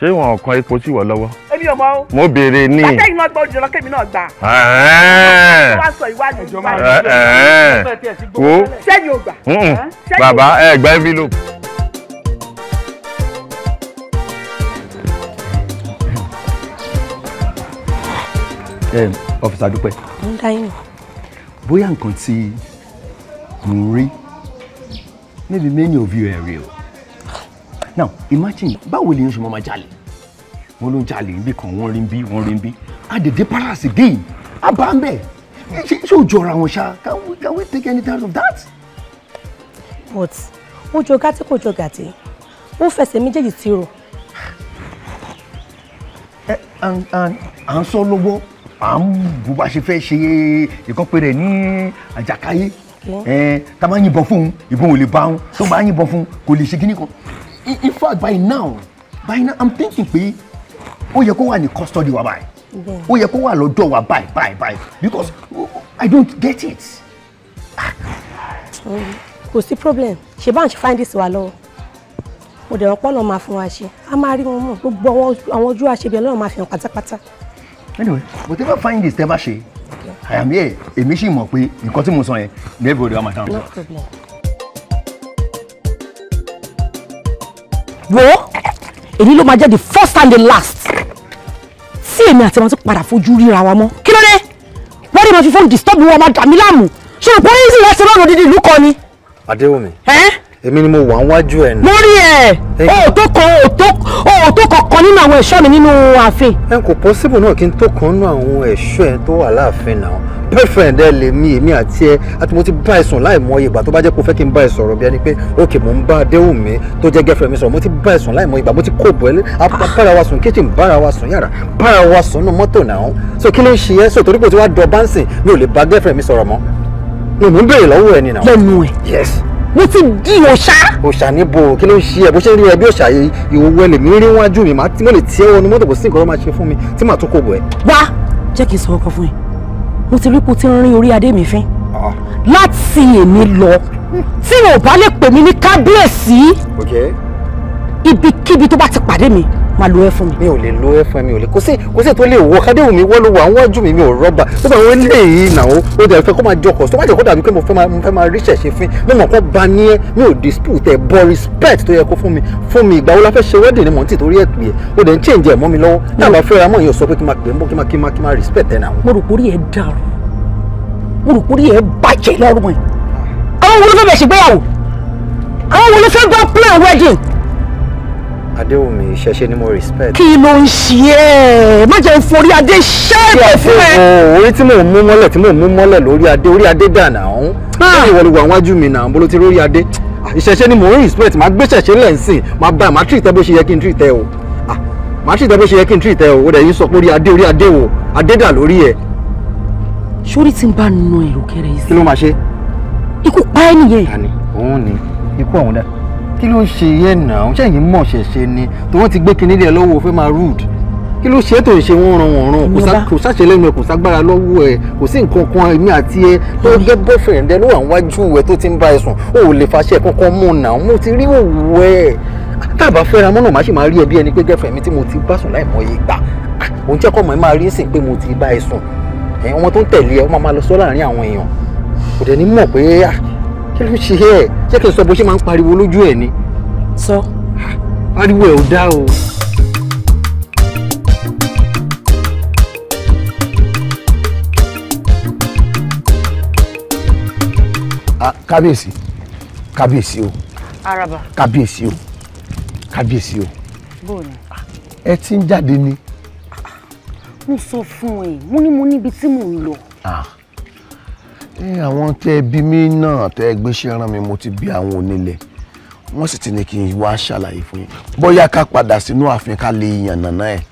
ṣé wọn kan epo sí wọ lọ́wọ́. èmi ò mọ o. mo béèrè ní. bàtà ìmọ̀ gbọ́ òjò lọ́kẹ́ mi náà gbà. wo sẹ́yìn ò gbà. bàbá ẹ gba envelope. ọ̀fíìsà dúpẹ́. mo ń dá yín. bóyá nǹkan tí mo rí níbi mẹ́yìn òbí rẹ̀ rí o now imagine báwo lèyàn ṣe máa máa jalè wọn ló ń jalè níbí kan wọn rí bí wọn rí bí àdèdè palace again àbá ń bẹ ṣé ò jọra ṣá can we can we take any time of that. but wọ́n jọ gàtí kò jọ gàtí wọ́n fẹsẹ̀ méjèèjì ti rò. ẹ à ń sọ lọ́wọ́ à ń bó bá ṣe fẹ́ ṣe ìkọ́pẹ́rẹ́ ní àjàkáyé tá a bá yìnbọn fún un ìbọn ò lè bá wọn tó bá yìnbọn fún un kò lè ṣe kíní kan in fact by now by now i'm thinking pé ó yẹ kó wà ní custody wa báyìí ó yẹ kó wà lọ́dọ̀ wa báyìí báyìí báyìí because i don't get it. kò sí problem ṣe bá ń ṣe find this wa lọ́wọ́ mo dẹ̀ rọ́pọ́ lọ́ọ́ máa fún wa ṣe a máa rí wọn mọ̀ gbogbo àwọn ojú àṣebi ọlọ́run máa fi hàn pátápátá. anyway whatever find this tẹ́ bá ṣe i am here èmi sì mọ̀ pé nǹkan tí mo sọ yẹn never go dey one my no problem. wo èyí ló máa jẹ́ the first and the last tí èmi àti wọn ti padà fojú ríra wa mọ́ kí ló dé wọ́n dé máa fi fóònù disturb wọn máa dà mí láàmú ṣé o pọ́n ní ìsìn láti rán ọ̀nà dídì ìlú kan ni. Adéwùmí. ẹ́ èmi ni mo wà níwájú ẹ̀ ni. mo rí ẹ òótọ́ kan òótọ́ kankan nínú àwọn ẹ̀ṣọ́ mi nínú ààfin. ẹ kò pọ́sibù náà kí n tó kan nínú àwọn ẹ̀ṣọ́ ẹ tó wà láàfin náà boyfriend ẹ mi èmi àti ẹ àti mo ti bá ẹ sùn láì mọye ìgbà tó bá jẹ́ kó fẹ́ kí n bá ẹ sọ̀rọ̀ bí ẹni pé ok mo ń bá Adéwùnmí tó jẹ́ girlfriend mi sọ̀rọ̀ mo ti bá ẹ sùn láì mọye ìgbà mo ti kó bọ̀ ẹ bára wa sùn kitchen bára wa sùn yàrá bára wa sùn nù mọ́tò náà so kí ló ń ṣe ẹ́ so torí pé o ti wá dọ̀ báńsì mi ò lè bá girlfriend mi sọ̀rọ̀ mọ́ mi ò ń béèrè ẹ nìyẹn. lẹ́nu ẹ̀. yes mo ti di òṣà. òṣà bo. kí ló ń ṣe ẹ bó ṣe ń rí ẹ bí òṣà yìí ìwọ ẹlẹmí rí wájú mi tí mo lè tiẹ́ wọnú mọ́tò kò sí nǹkan tó máa ṣe fún mi tí màá tó kò bọ̀ ẹ́. wá jẹ́ kí n sọ ọkọ fún ẹ mo ti rí kó tí ń rí orí adé mi fín ah. láti èmi lọ tí o bá lè pè mí ní kábíyèsí ibikíbi tó bá ti pàdé mi máa lo ẹ fún mi. mi ò lè lo ẹ fún ẹ mi ò lè kò sí kò sí ètò lè wọ kádéwù mi wọ́n ló wà wọ́n mi ò rọ́bà tó bá wọn lè yí nà ó ó dẹ̀ fẹ́ kó máa jọkọ̀ tó má jẹ́ kó dàbí pé mo fẹ́ máa mo fẹ́ máa ríṣẹ̀ ṣe fún mi mọ̀ kó ba ní ẹ mi ò dispute ẹ bọ respect tó yẹ kó fún mi fún mi ìgbà wo la fẹ́ ṣe wedding ni mò ń tì torí ẹ̀ pè é ó dẹ̀ ń change ẹ̀ mọ́ mi lọ́wọ́ táà bá fẹ́ra mọ́ èèyàn sọ pé kí n máa pè é mọ́ kí n máa kí n máa kí n máa respect ẹ̀ nà ó. mo rò kórìí ẹ dàrú mo rò kórìí ẹ bàjẹ́ lọ́rùn ẹ̀ àwọn wo fẹ́ bẹ̀ ṣègbéyàwó àwọn wo fẹ́ gbọ́ plan wedding Adéwùmí ṣẹṣẹ ni mo respect. kí ló ń ṣe ẹ́ má jẹ́ ìforí adé ṣẹ́ẹ̀pẹ̀ fún ẹ. orí tí mò ń mú mọ́lẹ̀ tí mò ń mú mọ́lẹ̀ lórí adé orí adé dànà ọ̀hún. ó lè ah. wọlé wà wájú mi náà bó ló ti rórí adé. Ah, ìṣẹ̀ṣẹ̀ ni mò ń respect máa gbé ṣẹ̀ṣẹ̀ lẹ́ǹsìn máa bá máa treat ẹ bó ṣe yẹ kí n treat ẹ o. Ah, máa treat ẹ bó ṣe yẹ kí n treat ẹ o ó dẹ̀ yín sọ pé orí adé orí adé wo adé dà lórí ẹ. sórí tí ń bá nu èrò kẹrẹ yìí sí. kí ló máa ṣe. ikú pa ẹ́ nìyẹn. ta ni òun ni ikú ọ̀hún dá kí ló ń ṣe yẹn náà ṣé ẹ̀yin mọ̀ ṣẹ̀ṣẹ̀ ni tí wọ́n ti gbé kinní lẹ̀ lọ́wọ́ fẹ́ máa rude kí ló ṣe é tó ń ṣe wọ́n ran wọ́n ran kò sáṣẹ lẹ́nu ẹ̀ kò ságbára lọ́wọ́ ẹ̀ kò sí nǹkan kan èmi àti ẹ tó gẹ́ boyfriend ẹ ló wà wájú ẹ tó ti ń bá ẹ sùn ó ò lè faṣẹ kankan mú un náà mo ti rí òwú ẹ tábà fẹ́ra mọ́nà má ṣì máa rí ẹ bí ẹni pé girlfriend mi tí mo ti bá sùn láì mọye gbà òun jẹ́ kọ́ mọ̀ ẹ́ máa rí sìn pé mo ti bá ẹ sùn ọmọ tó ń tẹ̀lé ẹ ó máa lọ sọ láàrin àwọn èèyàn kò dẹ̀ ní mọ̀ pé ah, kí ló ń ṣe ẹ ṣé kí n sọ bó ṣe máa ń pariwo lójú ẹ ni. sọ. pariwo ẹ ò dá o. kábíyèsí kábíyèsí o. araba. kábíyèsí o kábíyèsí o. bóòlù. ẹ ti ń jáde ni. mo sọ fún ẹ mo ní mo níbi tí mò ń lọ. Ah àwọn tẹ́ ẹ bí mi náà tẹ́ ẹ gbéṣẹ́ rán mi mo ti bí àwọn onílẹ̀ wọ́n sì ti ní kí n wá ṣàlàyé fún yín bóyá ká padà sínú ààfin ká lè yàn nàná ẹ̀.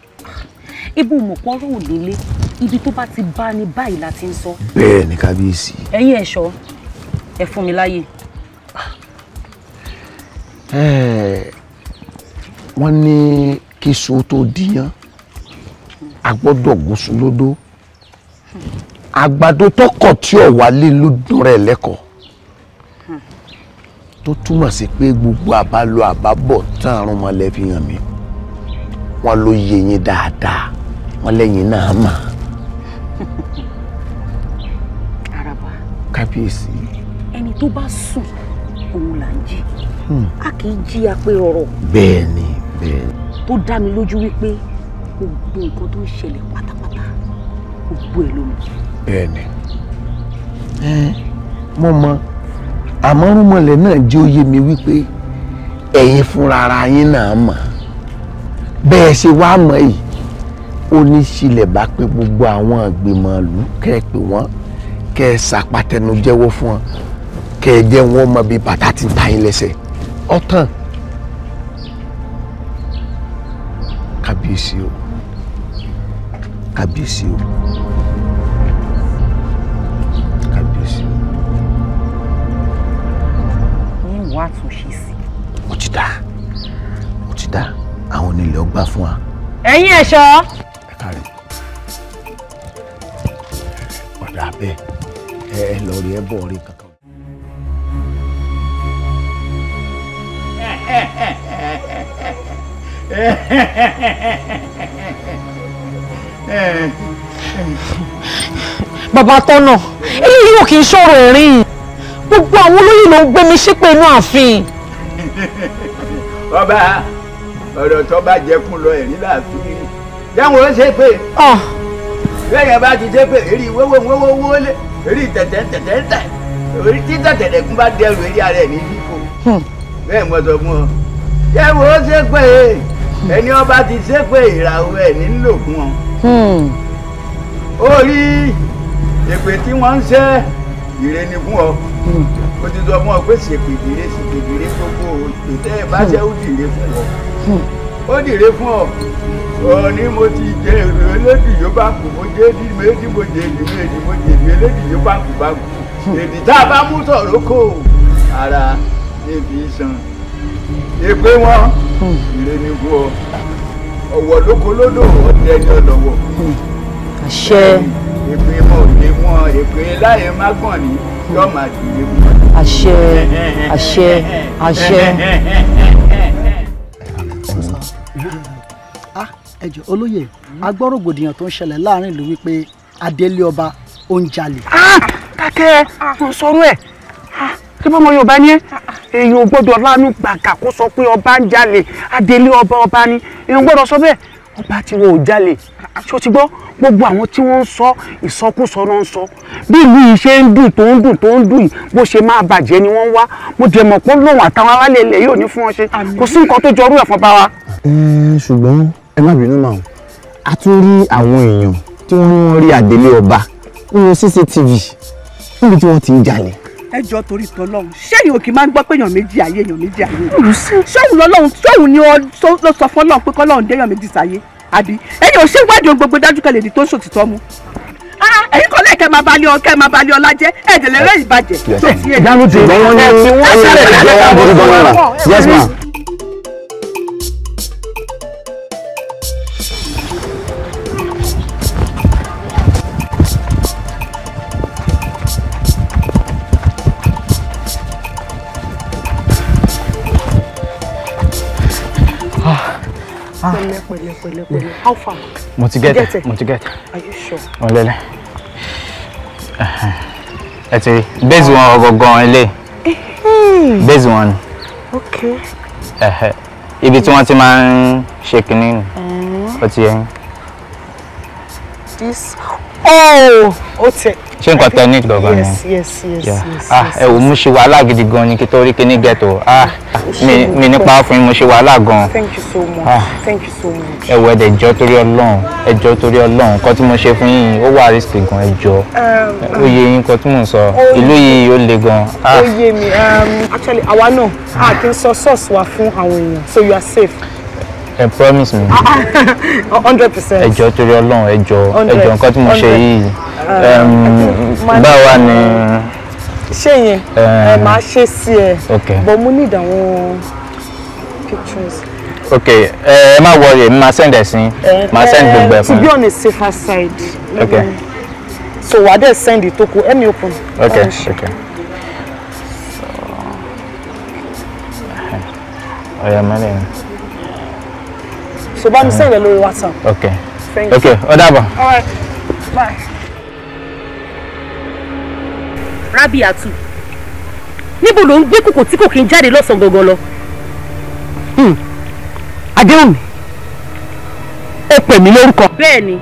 ibo mọ̀pọ́rọ̀ ò lélẹ̀ ibi tó bá ti bá ní báyìí la ti ń sọ. bẹ́ẹ̀ ni kábíyèsí. ẹ̀yin ẹ̀ṣọ́ ẹ fún mi láyè. wọ́n ní kí so tó díyàn a gbọ́dọ̀ gúnṣu àgbàdo tọkọ tí ò wálé ló dùn rẹ lẹkọọ hmm. tó túmọ̀ sí pé gbogbo àbálò àbábọ̀ tán àrùn mọ́lẹ̀ fi hàn mí wọ́n ló yé yín dáadáa wọ́n lẹ́yìn náà mà. araba kábíyèsí. ẹni tó bá sùn òun là ń jí hmm. a kì í jí apẹ ọ̀rọ̀. bẹ́ẹ̀ ni tó dá mi lójú wípé gbogbo nǹkan tó ń ṣẹlẹ̀ pátápátá gbogbo ẹ̀ ló mọ̀ bẹ́ẹ̀ni. ẹ mo mọ àmọ́ rúmọ̀lẹ́ náà jẹ́ òye mi wípé ẹ̀yin fúnra ara yín náà mọ̀ bẹ́ẹ̀ ṣe wá mọ̀ yìí ó ní sílẹ̀ bá pé gbogbo àwọn ìgbìmọ̀ ìlú kẹ́ ẹ pè wọ́n kẹ́ ẹ ṣàpàtẹnu jẹ́wọ́ fún wọn kẹ́ ẹ jẹ́ wọ́n mọ bí bàtà ti ń ta yín lẹ́sẹ̀ ọ̀tàn kábíyèsí o kábíyèsí o. wá àtúnṣe sí. ó ti dá ó ti dá àwọn onílẹ̀ ọgbà fún wa. ẹ̀yin ẹ̀ṣọ́. ẹ káre padà bẹ́ẹ̀ ẹ ẹ lọ rí ẹ bọ̀ rí kankan. bàbá tọ́nà èyí yóò kì í ṣòro ẹ̀rín gbogbo àwọn olóyè ló ń gbé mi ṣépè inú ààfin. ọba ọ̀rọ̀ tó bá jẹkùn lọ ẹ̀rí láàfin rí yẹ́wọ̀n ó bẹ́ẹ̀ bá ti ṣépè èrí wọ́wọ́ wọ́wọ́ wọlé èrí tẹ̀tẹ̀ tẹ̀tẹ̀ tẹ̀ èrí títẹ̀ tẹ̀tẹ̀kùn bá dẹrù èrí ara ẹ̀ ní bíkò hmm. bẹ́ẹ̀ mo sọ fún ọ yẹ́wọ̀n ó ṣépè ẹni ọba ti ṣépè ìràwọ̀ ẹ̀ nílò fún ọ. Hmm. ó rí èpè tí wọ́n ń ṣe ìrẹ́ni fún ọ ó ti sọ fún ọ pé ṣèpèdìrè ṣèpèdìrè gbogbo ìtẹ́ ìbáṣẹ́ ó dìre fún ọ ó dìre fún ọ ọ̀ọ́ni mo ti jẹ èrò elédìí yóò bá kù mo jẹ èdè méjì mo jẹ èdè méjì mo jẹ èdè elédìí yóò bá kù bá kù èdè tá a bá mú sọ̀rọ̀ kò ara níbi sàn èpè wọn ìrẹ́nigbó ọ̀wọ̀ lóko lódò ọ̀dẹ ni ọ̀lọ́wọ̀ àṣẹ wọn ò wọn èpè láyé má gbọ̀n ni yóò máa dìde mú. àṣẹ àṣẹ àṣẹ. Ah, ẹ jọ̀ọ́ olóyè agbọ́rògbòdìyàn tó ń ṣẹlẹ̀ láàrin ìlú wípé adélé ọba ó ń jalè. kákẹ́ ah, mo sọ̀rọ̀ ẹ̀ kí ah, bọ́mọ yorùbá ní ẹ́ èèyàn ò gbọ́dọ̀ lánàá gbàgà kó sọ pé ọba ń jalè adélé ọba ọba ni èèyàn gbọ́dọ̀ sọ bẹ́ẹ̀ ọba tí wọn ò jalè ṣé ti gbọ́ gbogbo àwọn tí wọ́n ń sọ ìsọkúsọ náà ń sọ bí ìlú yìí ṣe ń dùn tó ń dùn tó ń dùn bó ṣe máa bàjẹ́ ni wọ́n wá mo dẹ̀ mọ̀ pé lòun àtàwọn alálẹ̀ ilẹ̀ yóò ní fún wọn ṣe kò sí nǹkan tó jọrú ẹ̀ fún bá wa. ṣùgbọ́n ẹ má bínú màá a tún rí àwọn èèyàn tí wọ́n rí àdélé ọba nínú cctv níbi tí wọ́n ti ń jalè ẹ jọ torí tọlọ́run sẹ́yìn òkè máa ń gbọ́ pé èèyàn méjì ayé èèyàn méjì ayé sóhun lọ́lọ́run sóhun ni ló sọ fún ọlọ́run pé kọ́lọ́run dé èèyàn méjì sáyé àbí ẹ̀yin ò wádìí gbogbo dájú kan lè di tó ń ṣòtítọ́ mu ah, ẹ̀yin kọ́ lẹ́ẹ̀kẹ́ máa balẹ̀ ọ̀kẹ́ máa balẹ̀ ọ̀la jẹ́ ẹ̀jẹ̀ lẹ́rẹ́ ìbàjẹ́ tó fi ẹ̀ pẹ̀lẹ́pẹ̀lẹ́ how far. mo ti gẹ́tẹ̀ mo ti gẹ́tẹ̀. are you sure. ọ̀lẹ́lẹ̀ ẹ ti rí bẹ́ẹ̀sì wọn ọgọ̀gàn ilé bẹ́ẹ̀sì wọn ni. ok. ibi tí wọ́n ti máa ń ṣe kínní ni ó ti yẹ this oh ó tẹ̀ ṣé nǹkan tẹ ní gangan ni yes yes yes ah ẹ wò mo ṣe wàhálà gidi gan ni kí torí kí ghetto ah, ah mi mi nípa fún yín ṣe wàhálà gan thank you so much ah. thank you so much ẹ wò ẹdẹ jọ torí Ọlọ́run ẹ jọ torí Ọlọ́run nǹkan tí mo ṣe fún yín ó wà risky gan ẹ jọ um, ó um, yé yín nǹkan tí mò ń sọ ìlú yìí ó le gan ah ó yé mi um, actually àwa náà a kì í sọ source wa fún àwọn èèyàn so you are safe ẹ promise me. hundred percent. ẹ jọ torí Ọlọ́run ẹ jọ ẹ jọ nǹkan tí mo ṣe yìí báwa ni. ṣé yẹn ẹ máa ṣe sí ẹ but mo need àwọn pictures. ok ẹ má wọrí mi máa send ẹ sí máa send gbogbo ẹ fún mi. to be on a safer side. ok mm. so wàá dẹ̀ send ìtókù ẹ̀mí open. ok ok. okay. Oya mẹ́rin. So bá mi sẹ́yìn lórí WhatsApp. Okay. Thank you. Okay, All right, bye. Rabiatu níbo ló ń gbé kòkò tí kò kí ń jáde lọ́sàn-án gangan lọ. Hmm. adéhùn ó pè mí lórúkọ. bẹ́ẹ̀ni.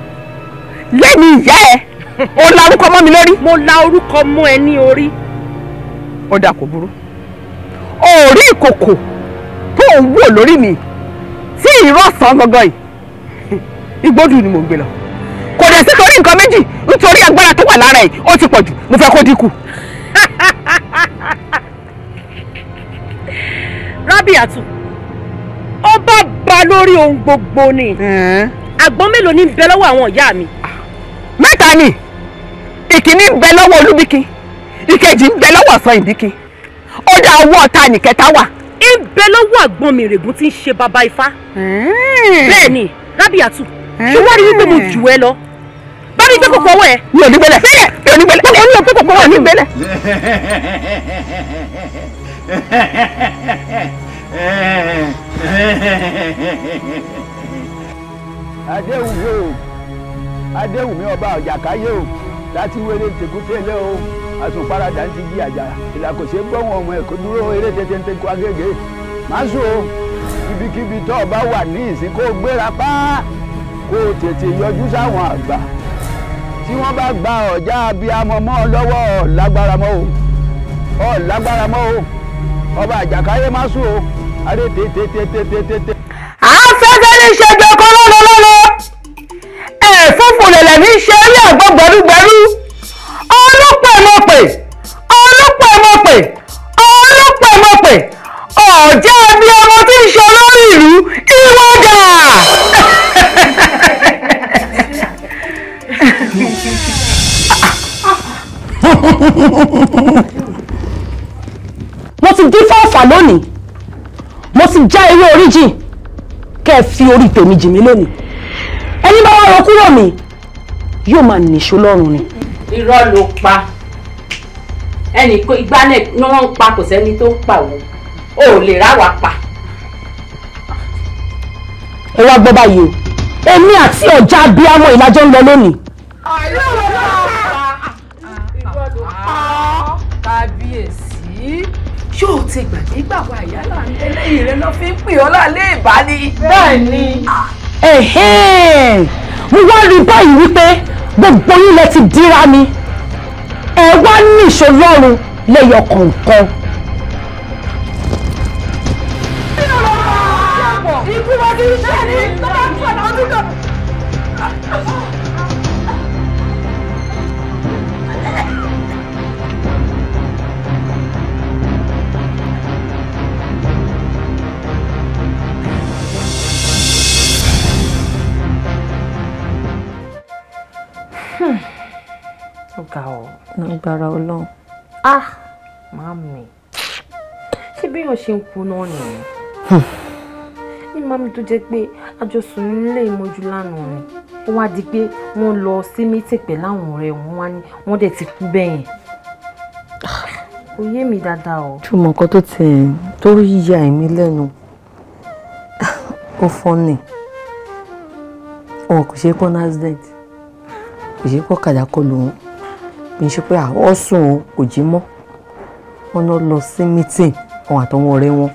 lẹ́mi ìyá ẹ o la orúkọ mọ́ mi lórí. mo la orúkọ mọ́ ẹ ní orí. ó dà kó burú. o ò rí ìkòkò tó ń wò lórí mi tí ìrọ̀sán gangan yìí igbódù ni mo gbé lọ kò dẹ̀ sí torí nǹkan méjì nítorí agbára tó wà lára ẹ̀ ó ti pọ̀ jù mo fẹ́ kó dínkù. Rábìàtù ọba ba lórí ohun gbogbo ni àgbọn mélòó ní bẹ lọ́wọ́ àwọn ìyá mi. mẹ́ta ni ìkíní ń bẹ lọ́wọ́ olúbíkin ìkejì ń bẹ lọ́wọ́ ọ̀sán ìbíkin ó dá owó ọ̀tá nìkẹta wà. ń bẹ lọ́wọ́ àgbọn mi règùn tí ń ṣe baba ifá. bẹ́ẹ̀ ni Rábìàtù ṣé wọ́n rí wípé mo jù ẹ lọ bá mi gbé kòkó ọwọ́ ẹ. mi ò ní gbélé mi ò ní gbélé mi ò ní gbé kòkó ọwọ́ mi gbélé. adéwùmí o adéwùmí ọba ọ̀jàkáyé o láti wéré tèkútélé o àtúnparadà ti jí àjà ìlàkòṣe gbọ́hùn ọmọ ẹ̀ dúró eré tètè kó agége má sùn ibikíbi tó o bá wà ní ìsìn gbéra pa kó o tètè yọjú sáwọn àgbà tí wọ́n bá gba ọ̀já abiyamọ mọ́ ọ lọ́wọ́ ọ̀ lágbára mọ́ o ọ̀ lágbára mọ́ o ọba àjàkáyé má sùn o adé tètètètètètè. afẹ́fẹ́ ní ṣẹjọ kọ́ lọ́lọ́lọ́lọ́ ẹ̀fúnfún lẹ̀lẹ̀ ní ṣe é rí àgbọ̀ gbẹrúgbẹrú. kẹ́ ẹ fi orí tèmi jì mí lónìí ẹni bá wọ́n kúrò mi yóò máa nìṣó lọ́rùn ni. irọ́ ló pa ẹnì ìgbà náà ni wọ́n ń pa kò sẹ́ni tó ń pa òun ò lè ráwa pa. ẹ wá gbọ́ báyìí o èmi àti ọ̀já abiyamọ ìlàjọ ń lọ lónìí lẹ́yìn rẹ ló fi ń pè ọ́ lálẹ́ ìbáni. bẹ́ẹ̀ ni. mo wá rí báyìí wípé gbogbo yín lẹ ti dira mi ẹ wá ní ìṣòlọ́run lẹ́yọ kọ̀ọ̀kan. lágbára ọlọ́run. ah mami ṣé bí èèyàn ṣe ń kú náà nìyẹn hmm. ní mami tó jẹ́ pé àjọsùn nílé ìmọ̀jú lánàá ni ó wá di pé wọ́n lọ sí mítìn pẹ̀lú àwọn ọ̀rẹ́ wọn wá ní wọ́n dẹ̀ ti kú bẹ́yẹn kò mi dáadáa o. túmọ̀ nǹkan tó ti ẹ̀ tó yà mí lẹ́nu ó fọ́nì wọn kò ṣe é pọ́n accident kò ṣe é pọ́n kàdákọ́ lòun kì í ṣe pé àwọn sùn o kò jí mọ́ wọn náà lọ sí mítìn wọn àtọwọn ọ̀rẹ́ wọn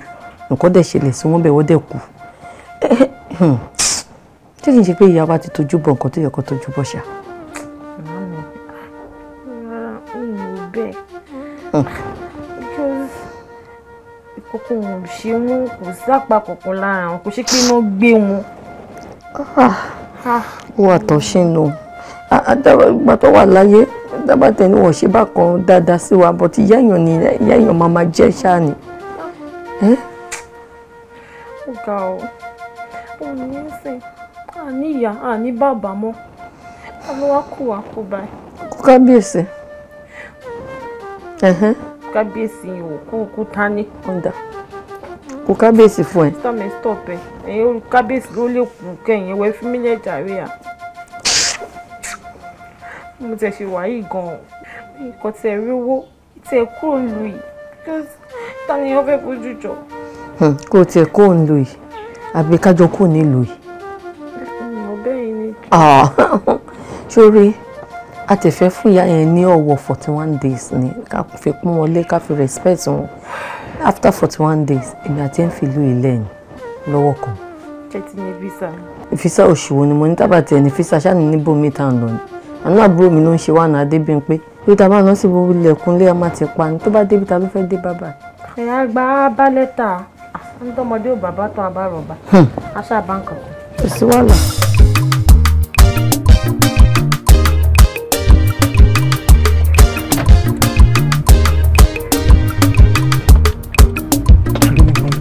nǹkan dẹ̀ ṣẹlẹ̀ sí wọn bẹ́ẹ̀ wọ́n dẹ̀ kú ṣé kì í ṣe pé ìyá wa ti tójú bọ̀ nǹkan tó yẹ kó tójú bọ̀ ṣá. Hmm. kókó wọn ò ṣe wọn kò sápá kankan lára wọn kò ṣe pé iná gbé wọn. ó wà tán ṣe ń lò ìgbà tó wà láyé dábàá tẹ̀lé wọ́n ṣe bákan dáadáa sí wa bọ́tí ìyá èèyàn ni ìyá èèyàn máa máa jẹ́ ṣáà ni. ó o ọ ó ní í sìn àní ìyá àní bàbá mọ́ ta ló wá kù wá kú báyìí. kú kábíyèsí. kábíyèsí ò kú kú tání. ọ̀dà kú kábíyèsí fún ẹ. mr mr ọ̀pẹ ẹ̀yin kábíyèsí ló lè kú kẹ́yìn ẹ̀wẹ̀ fún mílíọ̀nù jàre à mo tẹ̀ ṣe wàyí gan-an nǹkan tẹ̀ rí owó tẹ̀ kúrò ń yìí ta ni wọ́n fẹ́ fojú jọ. kó tiẹ̀ kó ń lu yìí àbí kájọ kó ní lu yìí. ọbẹ̀ yìí ni. Ah, sórí a ti fẹ́ fún ìyá yẹn ní ọ̀wọ̀ forty one days ni ká fi pọ́n wọn lé ká fi respect wọn after forty one days èmi àti ẹ̀ ń fi lu ilẹ̀ yìí lọ́wọ́ kan. ṣé ti ní visa. visa òṣùwọ̀n ni mo ní tábàtì ẹni visa ṣáà ní níbo mi tá ń lọ ni àánú àbúrò mi ló ń ṣe wà náà Adébímpé bí ta bá lọ sí gbogbo ilẹ̀kùnlé a má ti pa ni tó bá débi ta ló fẹ́ dé bàbá. ẹ̀yà gba bá lẹ́tà ń tọmọdé ò bàbá tó abárọ̀bà aṣá báńkà. Hmm. kò sí wàhálà.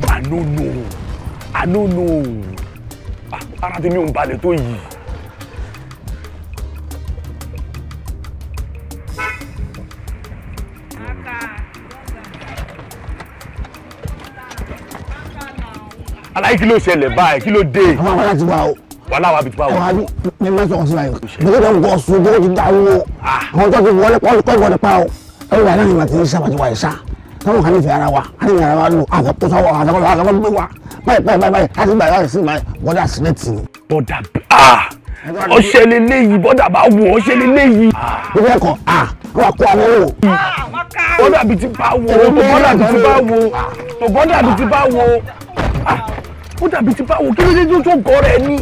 I don't know. I don't know. Ah, ara tèmi ò ń balẹ̀ tó yìí. aláyé kí ló ṣẹlẹ̀ báyìí kí ló dé. àwọn àwọn láti wá o. wàhálà wa bi tí wàá wọ. àwọn àbí mi máa ń sọ̀rọ̀ sí báyìí. bẹ́ẹ̀ ló ń gbọ́ sùn bẹ́ẹ̀ ti dá owó. Ah. àwọn tó ti wọlé kọ́ ìwọlé pa o. ẹ̀rọ ìlànà ìwà ti ń sábàtì wa ìsá. táwọn kan nífẹ̀ẹ́ ara wa a nífẹ̀ẹ́ ara wa lò àfẹ́kọ́sọ́wọ́ àfẹ́kọ́sọ́wọ́ àfẹ́kọ́sọ́wọ́ báyìí báyìí báyìí a ti báyìí sí báyìí bọ́dà sílẹ̀tì ni. bọ́dà ah ọṣẹ leléyìí bọ́dà bá wù ọṣẹ leléyìí. ibi ẹ̀kọ́ ah wà kó àwọn wò. Ah, bọ́dà bìtì bá wo bọ́dà bìtì bá wo bọ́dà bìtì bá wo ó dàbí ti báwo kí ló dé tó tó gọ́ rẹ̀ ni.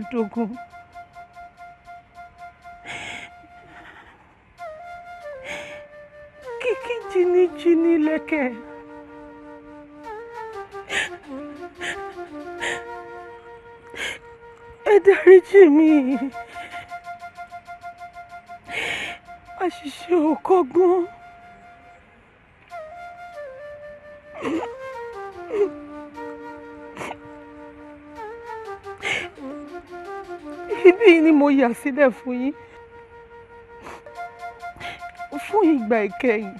mẹ́ẹ̀ẹ́dógún kíkí jìnnìjìnnì lẹ́kẹ̀ ẹ dáríjì mi àṣìṣe ò kọ́gbọ́n. ibí ni mo yà sílẹ̀ fún yín fún ìgbà ìkẹyìn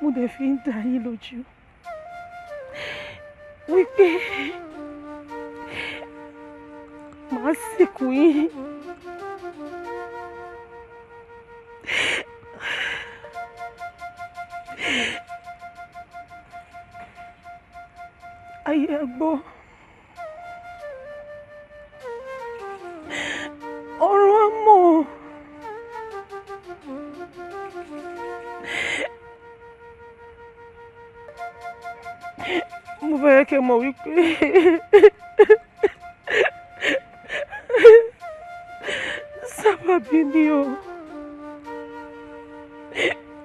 mo dẹ̀ fi ń dá yín lójú wípé màá sìnkú yín. ayé ẹ gbọ́. jẹ́ kí n mọ̀ wípé sábàbí ni o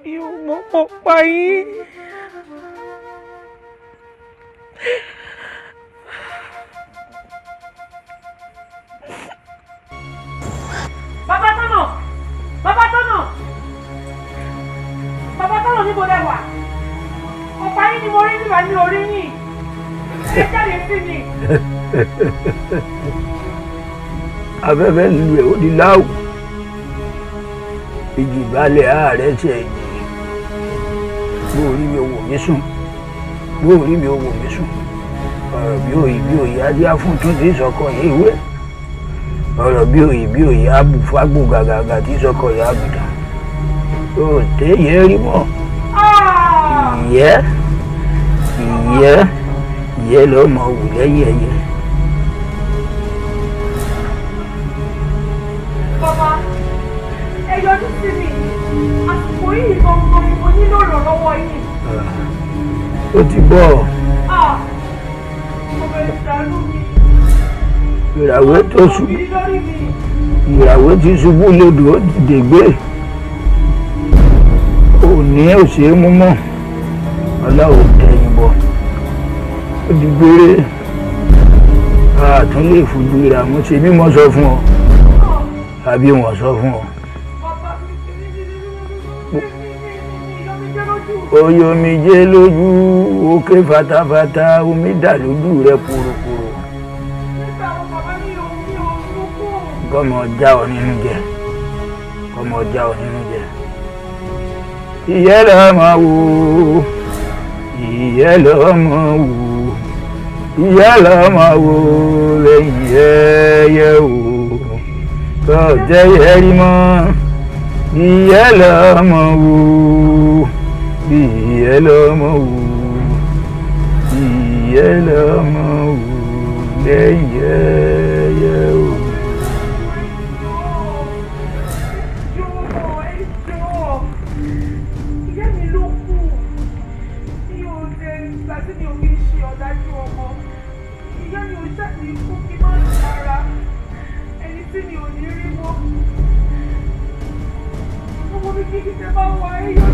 mi ò mọ̀ mọ̀ pa yín. fẹ́fẹ́ lu ẹ̀ ó di láwù ìjì balẹ̀ ààrẹ ṣe ìjì bó orí mi òwò mi sùn bó orí mi òwò mi sùn ọ̀rọ̀ bí òyì bí òyì adíá fún tó ti sọkọ yẹ ìwé ọ̀rọ̀ bí òyì bí òyì abùfágbò gàgàgà tí sọkọ yẹ àbùdá ó téye rí mọ́ ah! ìyẹ́ ìyẹ́ ìyẹ́ lọ́mọ wù lẹ́yìn ẹ̀yẹ́. bọ̀. Ah, ìràwé tó ṣubú ìràwé ti ṣubú lodò ó dìde gbé òní ò ṣe é mú mọ́ ọlọ́run tẹ̀yìn bọ̀ ó di gbére àtún lè fojú ra mo ṣe bí mo sọ fún ọ àbí wọn sọ fún ọ. oyomi jẹ lójú ó ké fatafata omi dà lójú rẹ korokoro. kọ́mọ já ọ nínú jẹ kọ́mọ já ọ nínú jẹ. ìyẹ́ lọ́mọ wò ìyẹ́ lọ́mọ wò ìyá lọ́mọ wo lẹ́yìn ẹyẹ o kò jẹ́ yẹrí mọ́ ìyá lọ́mọ wo ìyá lọ́mọ wo lọ́mọ ò lẹ́yìn ẹyẹ ò. Bye.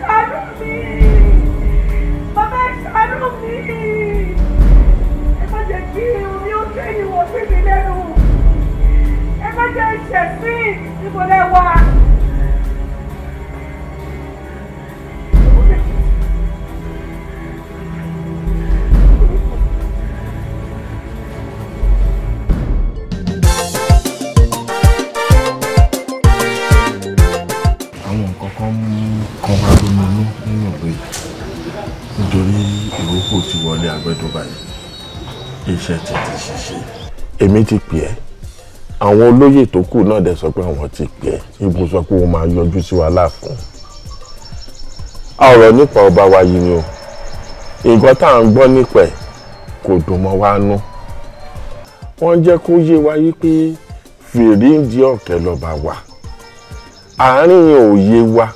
ṣàánú mi bàbá ẹ ṣàánú mi ẹ má jẹ́ kí irun mi ó kéyìn wọ sí mi lẹ́nu ẹ má pé nítorí ìrókò ti wọlé agbẹ́dọ́gba yìí iṣẹ́ ti ti ṣiṣẹ́. èmi ti pè ẹ́ àwọn olóyè tó kù náà dẹ̀ sọ pé àwọn ti pè ẹ́ ibo sọ pé wọ́n máa yọjú sí wa láàfún. ọ̀rọ̀ nípa ọba wa yìí ni o nǹkan tá à ń gbọ́ nípa ẹ̀ kò dùn mọ́ wa nú. wọ́n jẹ́ kó yé wa yí pé fìrí ń di ọ̀kẹ́ lọ́ba wa àárín òye wa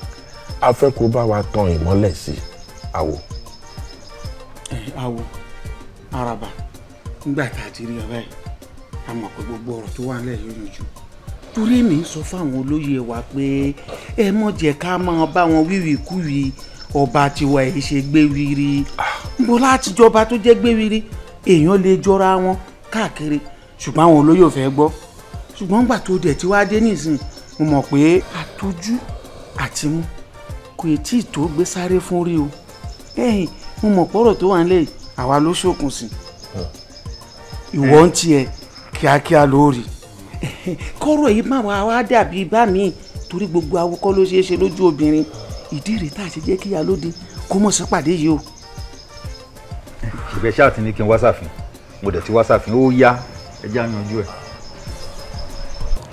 a fẹ́ kó bá wa tan ìmọ́lẹ̀ sí àwò. ẹ àwò araba nígbà tá a ti rí ọba yìí a mọ̀ pé gbogbo ọ̀rọ̀ tó wà nílẹ̀ yóò yanjú torí mi ń sọ fáwọn olóyè wa pé ẹ mọ̀ jẹ́ ká máa bá wọn wíwì kúwì ọba tiwa yìí ṣe gbéwìrì níbo láti jọba tó jẹ́ gbéwìrì èèyàn lè jọra wọn káàkiri ṣùgbọ́n àwọn olóyè ò fẹ́ gbọ́ ṣùgbọ́n gbà tó dẹ̀ tí wàá dé nísìnyí mo mọ̀ pé àtọ́jú àtimú kò ì tí ì tó gbé sáré fún rí o ẹ̀yìn mo mọ̀ pọ́rọ̀ tó wà ń lé àwa ló ṣòkùn sí ìwọ ń tiẹ̀ kíákíá lórí kọ́rọ̀ yìí máa wá wá dàbí bá mi torí gbogbo awokọ́ ló ṣeé ṣe lójú obìnrin ìdí rèé tá a ṣe jẹ́ kí alóde kó mọ̀ sí pàdé yìí o. ṣùgbọ́n ṣáà ti ní kí n wá sàfin mo dẹ̀ ti wá sàfin ó yá ẹ já yanjú ẹ̀.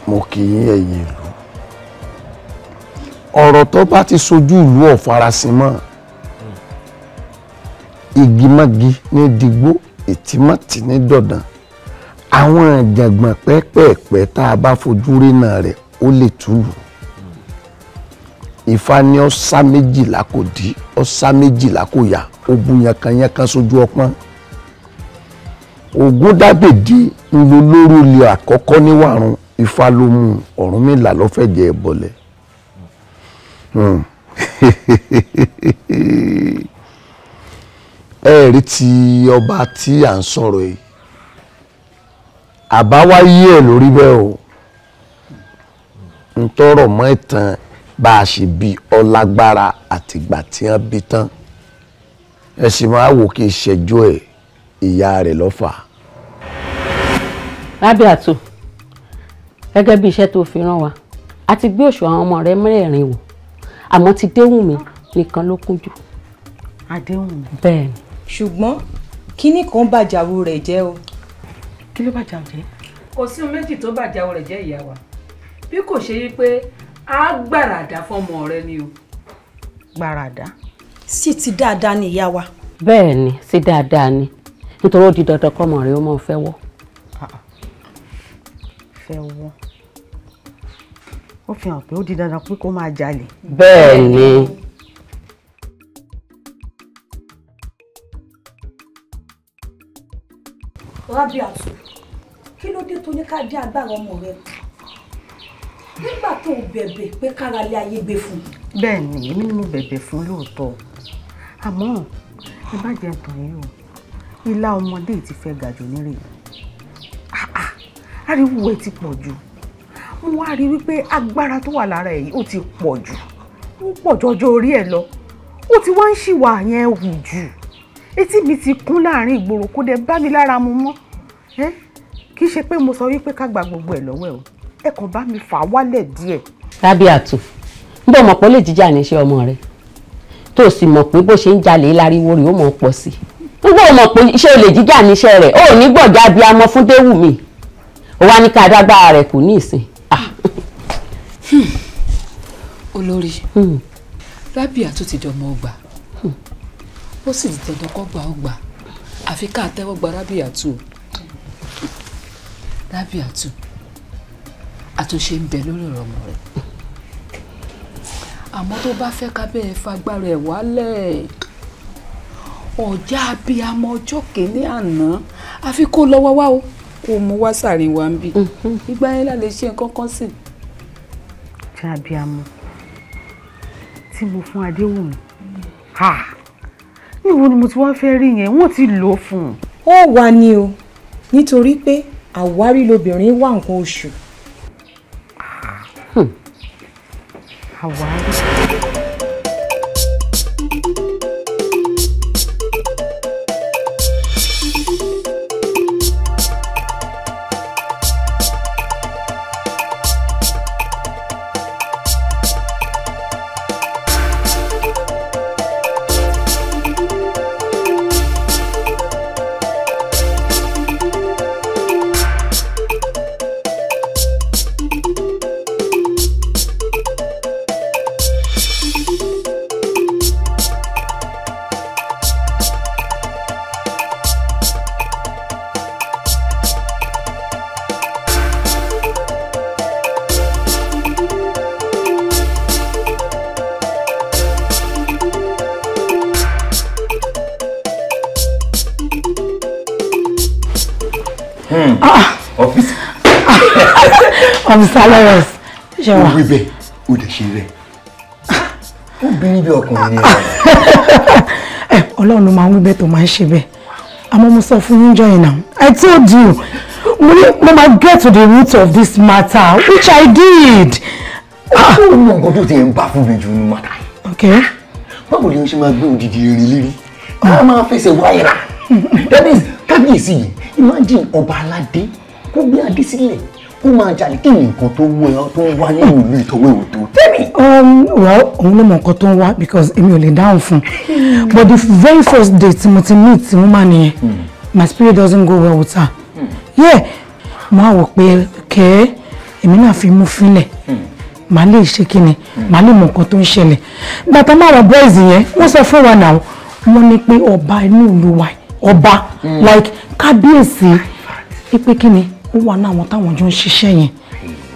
mo kì í ẹ̀yìn ìlú ọ̀rọ̀ tó bá ti sojú ìlú ọ̀farasin mọ́ igimagi ní digbó ètímọ́tì ní dọ̀dàn àwọn àjàgbọ̀n pẹ́pẹ́ẹ̀pẹ́ tá a bá fojú rí náà rẹ̀ ó lè túlù Ifá ní ọ̀sá méjìlá kò dí ọ̀sá méjìlá kò yá ogun yankanyankan sójú ọpọ́n Ògúndábèdì ń lo lórí ilé àkọ́kọ́ níwàrún Ifá ló mú ẹ̀bọ̀lẹ̀ ẹ rí ti ọba tí à ń sọ̀rọ̀ yìí àbáwáyé ẹ̀ lórí bẹ́ẹ̀ o ń tọrọ mọ́ ìtàn bá a ṣe bí ọlágbára àtìgbà tí wọ́n bí tán ẹ sì máa wò kí ìṣẹ́jú ẹ̀ ìyá rẹ̀ lọ́fà. Rábíàtù gẹ́gẹ́ bí iṣẹ́ tó fi rán wa a ti gbé òṣùwọ̀n ọmọ rẹ mẹ́rẹ̀ẹ̀rin wò àmọ́ ti déhùn mi nìkan ló kúnjú. àdéhùn mi. bẹ́ẹ̀ ni. ṣùgbọ́n kínní kan bàjáwo rẹ̀ jẹ́ o. kí ló bàjáwo jẹ́. kò sí ohun méjì tó bàjáwo rẹ̀ jẹ́ ìyá wa bí kò ṣe yí pé a gbàràdà fọmọ rẹ ni o. gbàràdà. sí ti dáadáa ni ìyá wa. bẹ́ẹ̀ ni sí dáadáa ni nítorí ó di dandan kọ́mọ rẹ ó mọ̀ fẹ́ wọ́. Ah, ah. fẹ́ wọ́ ó fi hàn pé ó di dandan pé kó máa jalè. bẹ́ẹ̀ ni. Rabiatu kí ló dé tó ní ká dé agbára ọmọ rẹ nígbà tó o bẹ̀bẹ̀ pé kára lé ayé gbé fún. bẹ́ẹ̀ ni èmi ni mo bẹ̀bẹ̀ fún lóòótọ́ àmọ́ ẹ má jẹ́ tàn yín o ilá ọmọdé ti fẹ́ gàjò nírè ariwo ẹ ti pọ̀ jù wọ́n wá rí wípé agbára tó wà lára èyí ó ti pọ̀ jù ó pọ̀ jọjọ orí ẹ̀ lọ ó ti wá ń ṣìwà yẹn hù jù etí mi ti kún láàrin ìgboro kó dẹ bá mi lára mu mọ́ kì í ṣe pé mo sọ wípé ká gba gbogbo ẹ̀ lọ́wọ́ ẹ̀ o ẹ kàn bá mi fà wálẹ̀ díẹ̀. Rabiatu níbo mọ̀ pé ó lè jíjà níṣẹ́ ọmọ rẹ tó o sì mọ̀ pé bó ṣe ń jalè láriwo rẹ̀ ó mọ̀ pọ̀ sí i níbo mọ̀ pé iṣẹ́ olè jíjà níṣẹ́ rẹ̀ ó ní gbọ̀ngàn abiyamọ fún déwù mi ó wá ní ká dágbára rẹ̀ kù ní ìsìn olórí hmm. rábìà tó ti dọmọ ọgbà hmm. ó sì ti dandan kọgbà ọgbà àfi ká tẹ́wọ́ gba rábìà tù rábìà tù àtúnṣe ń bẹ lórí ọ̀rọ̀ ọmọ rẹ̀ àmọ́ tó bá fẹ́ kábẹ́ ẹ fagbára ẹ̀ wálẹ̀ ọ̀já abiyamọ ọjọ́ kìíní àná àfi kó lọ́wọ́ wá o kó o mú wá sàárín wa ń bì mhm. ìgbà yẹn la lè ṣe nǹkan kan sí. jábí amú tí mo fún adéwùmí níbo ni mo ti wá fẹ́ rí yẹn wọ́n ti lò ó fún un. ó wà ní o nítorí pé àwárí lobìnrin wà nǹkan oṣù. Hmm. àwárí. Mr. Lawrence ṣe wà. ó wí bẹ́ẹ̀ ó dẹ̀ ṣe rẹ̀ ó bí níbi ọkùnrin ni ẹ. ọlọ́run ló máa ń wí bẹ́ẹ̀ tó máa ń ṣe bẹ́ẹ̀ àmọ́ mo sọ fún yín jọyìn náà I told you mo ní mo máa get to the root of this matter which I did. ó ah. mọ nǹkan tó ti ń bá fún mi jù ní mọ́tà yìí. báwo ni o ṣe máa gbé òdìdí erin lérí ká ah. máa fẹsẹ̀ wáyà that is kábíyèsí yìí imagine ọba aládé kó gbé adé sílẹ̀ ó máa jalè kí ni tó mú ẹ tó ń wá nínú ìlú ìtòwé òdo. tèmi. Um, well òun ló mọ nǹkan tó ń wá because èmi ò lè dáhùn fún un but the very first day tí mo ti meet woman nìyẹn hmm. my spirit doesn't go well with her hmm. yeah mo á wò pé kẹ́ èmi náà fi mú fínlẹ̀ hmm. màá lè ṣe kí ni màá lè mọ nǹkan tó ń ṣẹlẹ̀ bàtà máa wà boys yẹn wọ́n sọ fún wa náà wọ́n ní pé ọba inú ìlú wa ọba like kábíyèsí pé kí ni ó wà náà àwọn táwọn jọ ń ṣiṣẹ́ yẹn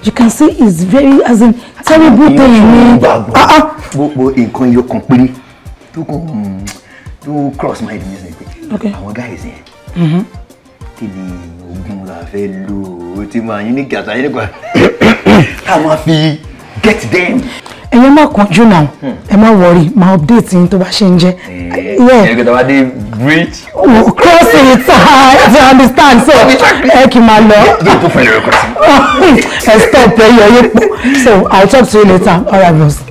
you can see it's very as in terrible thing ni. Ah, ah. gbogbo nǹkan yóò kàn péré tó kàn cross my mind ní sèpè àwọn guys yẹn mm-hmm. kí ni oògùn la fẹ́ lò ó ti máa yín ní gàtà yín nígbà ká máa fi get them ẹyẹ má kánjú náà hmm. ẹ má wọrí má update yín tó bá ṣe ń jẹ. Hmm. ẹ̀ẹ́dẹ̀gbẹ̀ tó bá dé bridge. Oh, cross it i understand so ẹ kì í máa lọ. ẹ stop ẹ yọ yẹ pọ so i will talk to you later all right boss.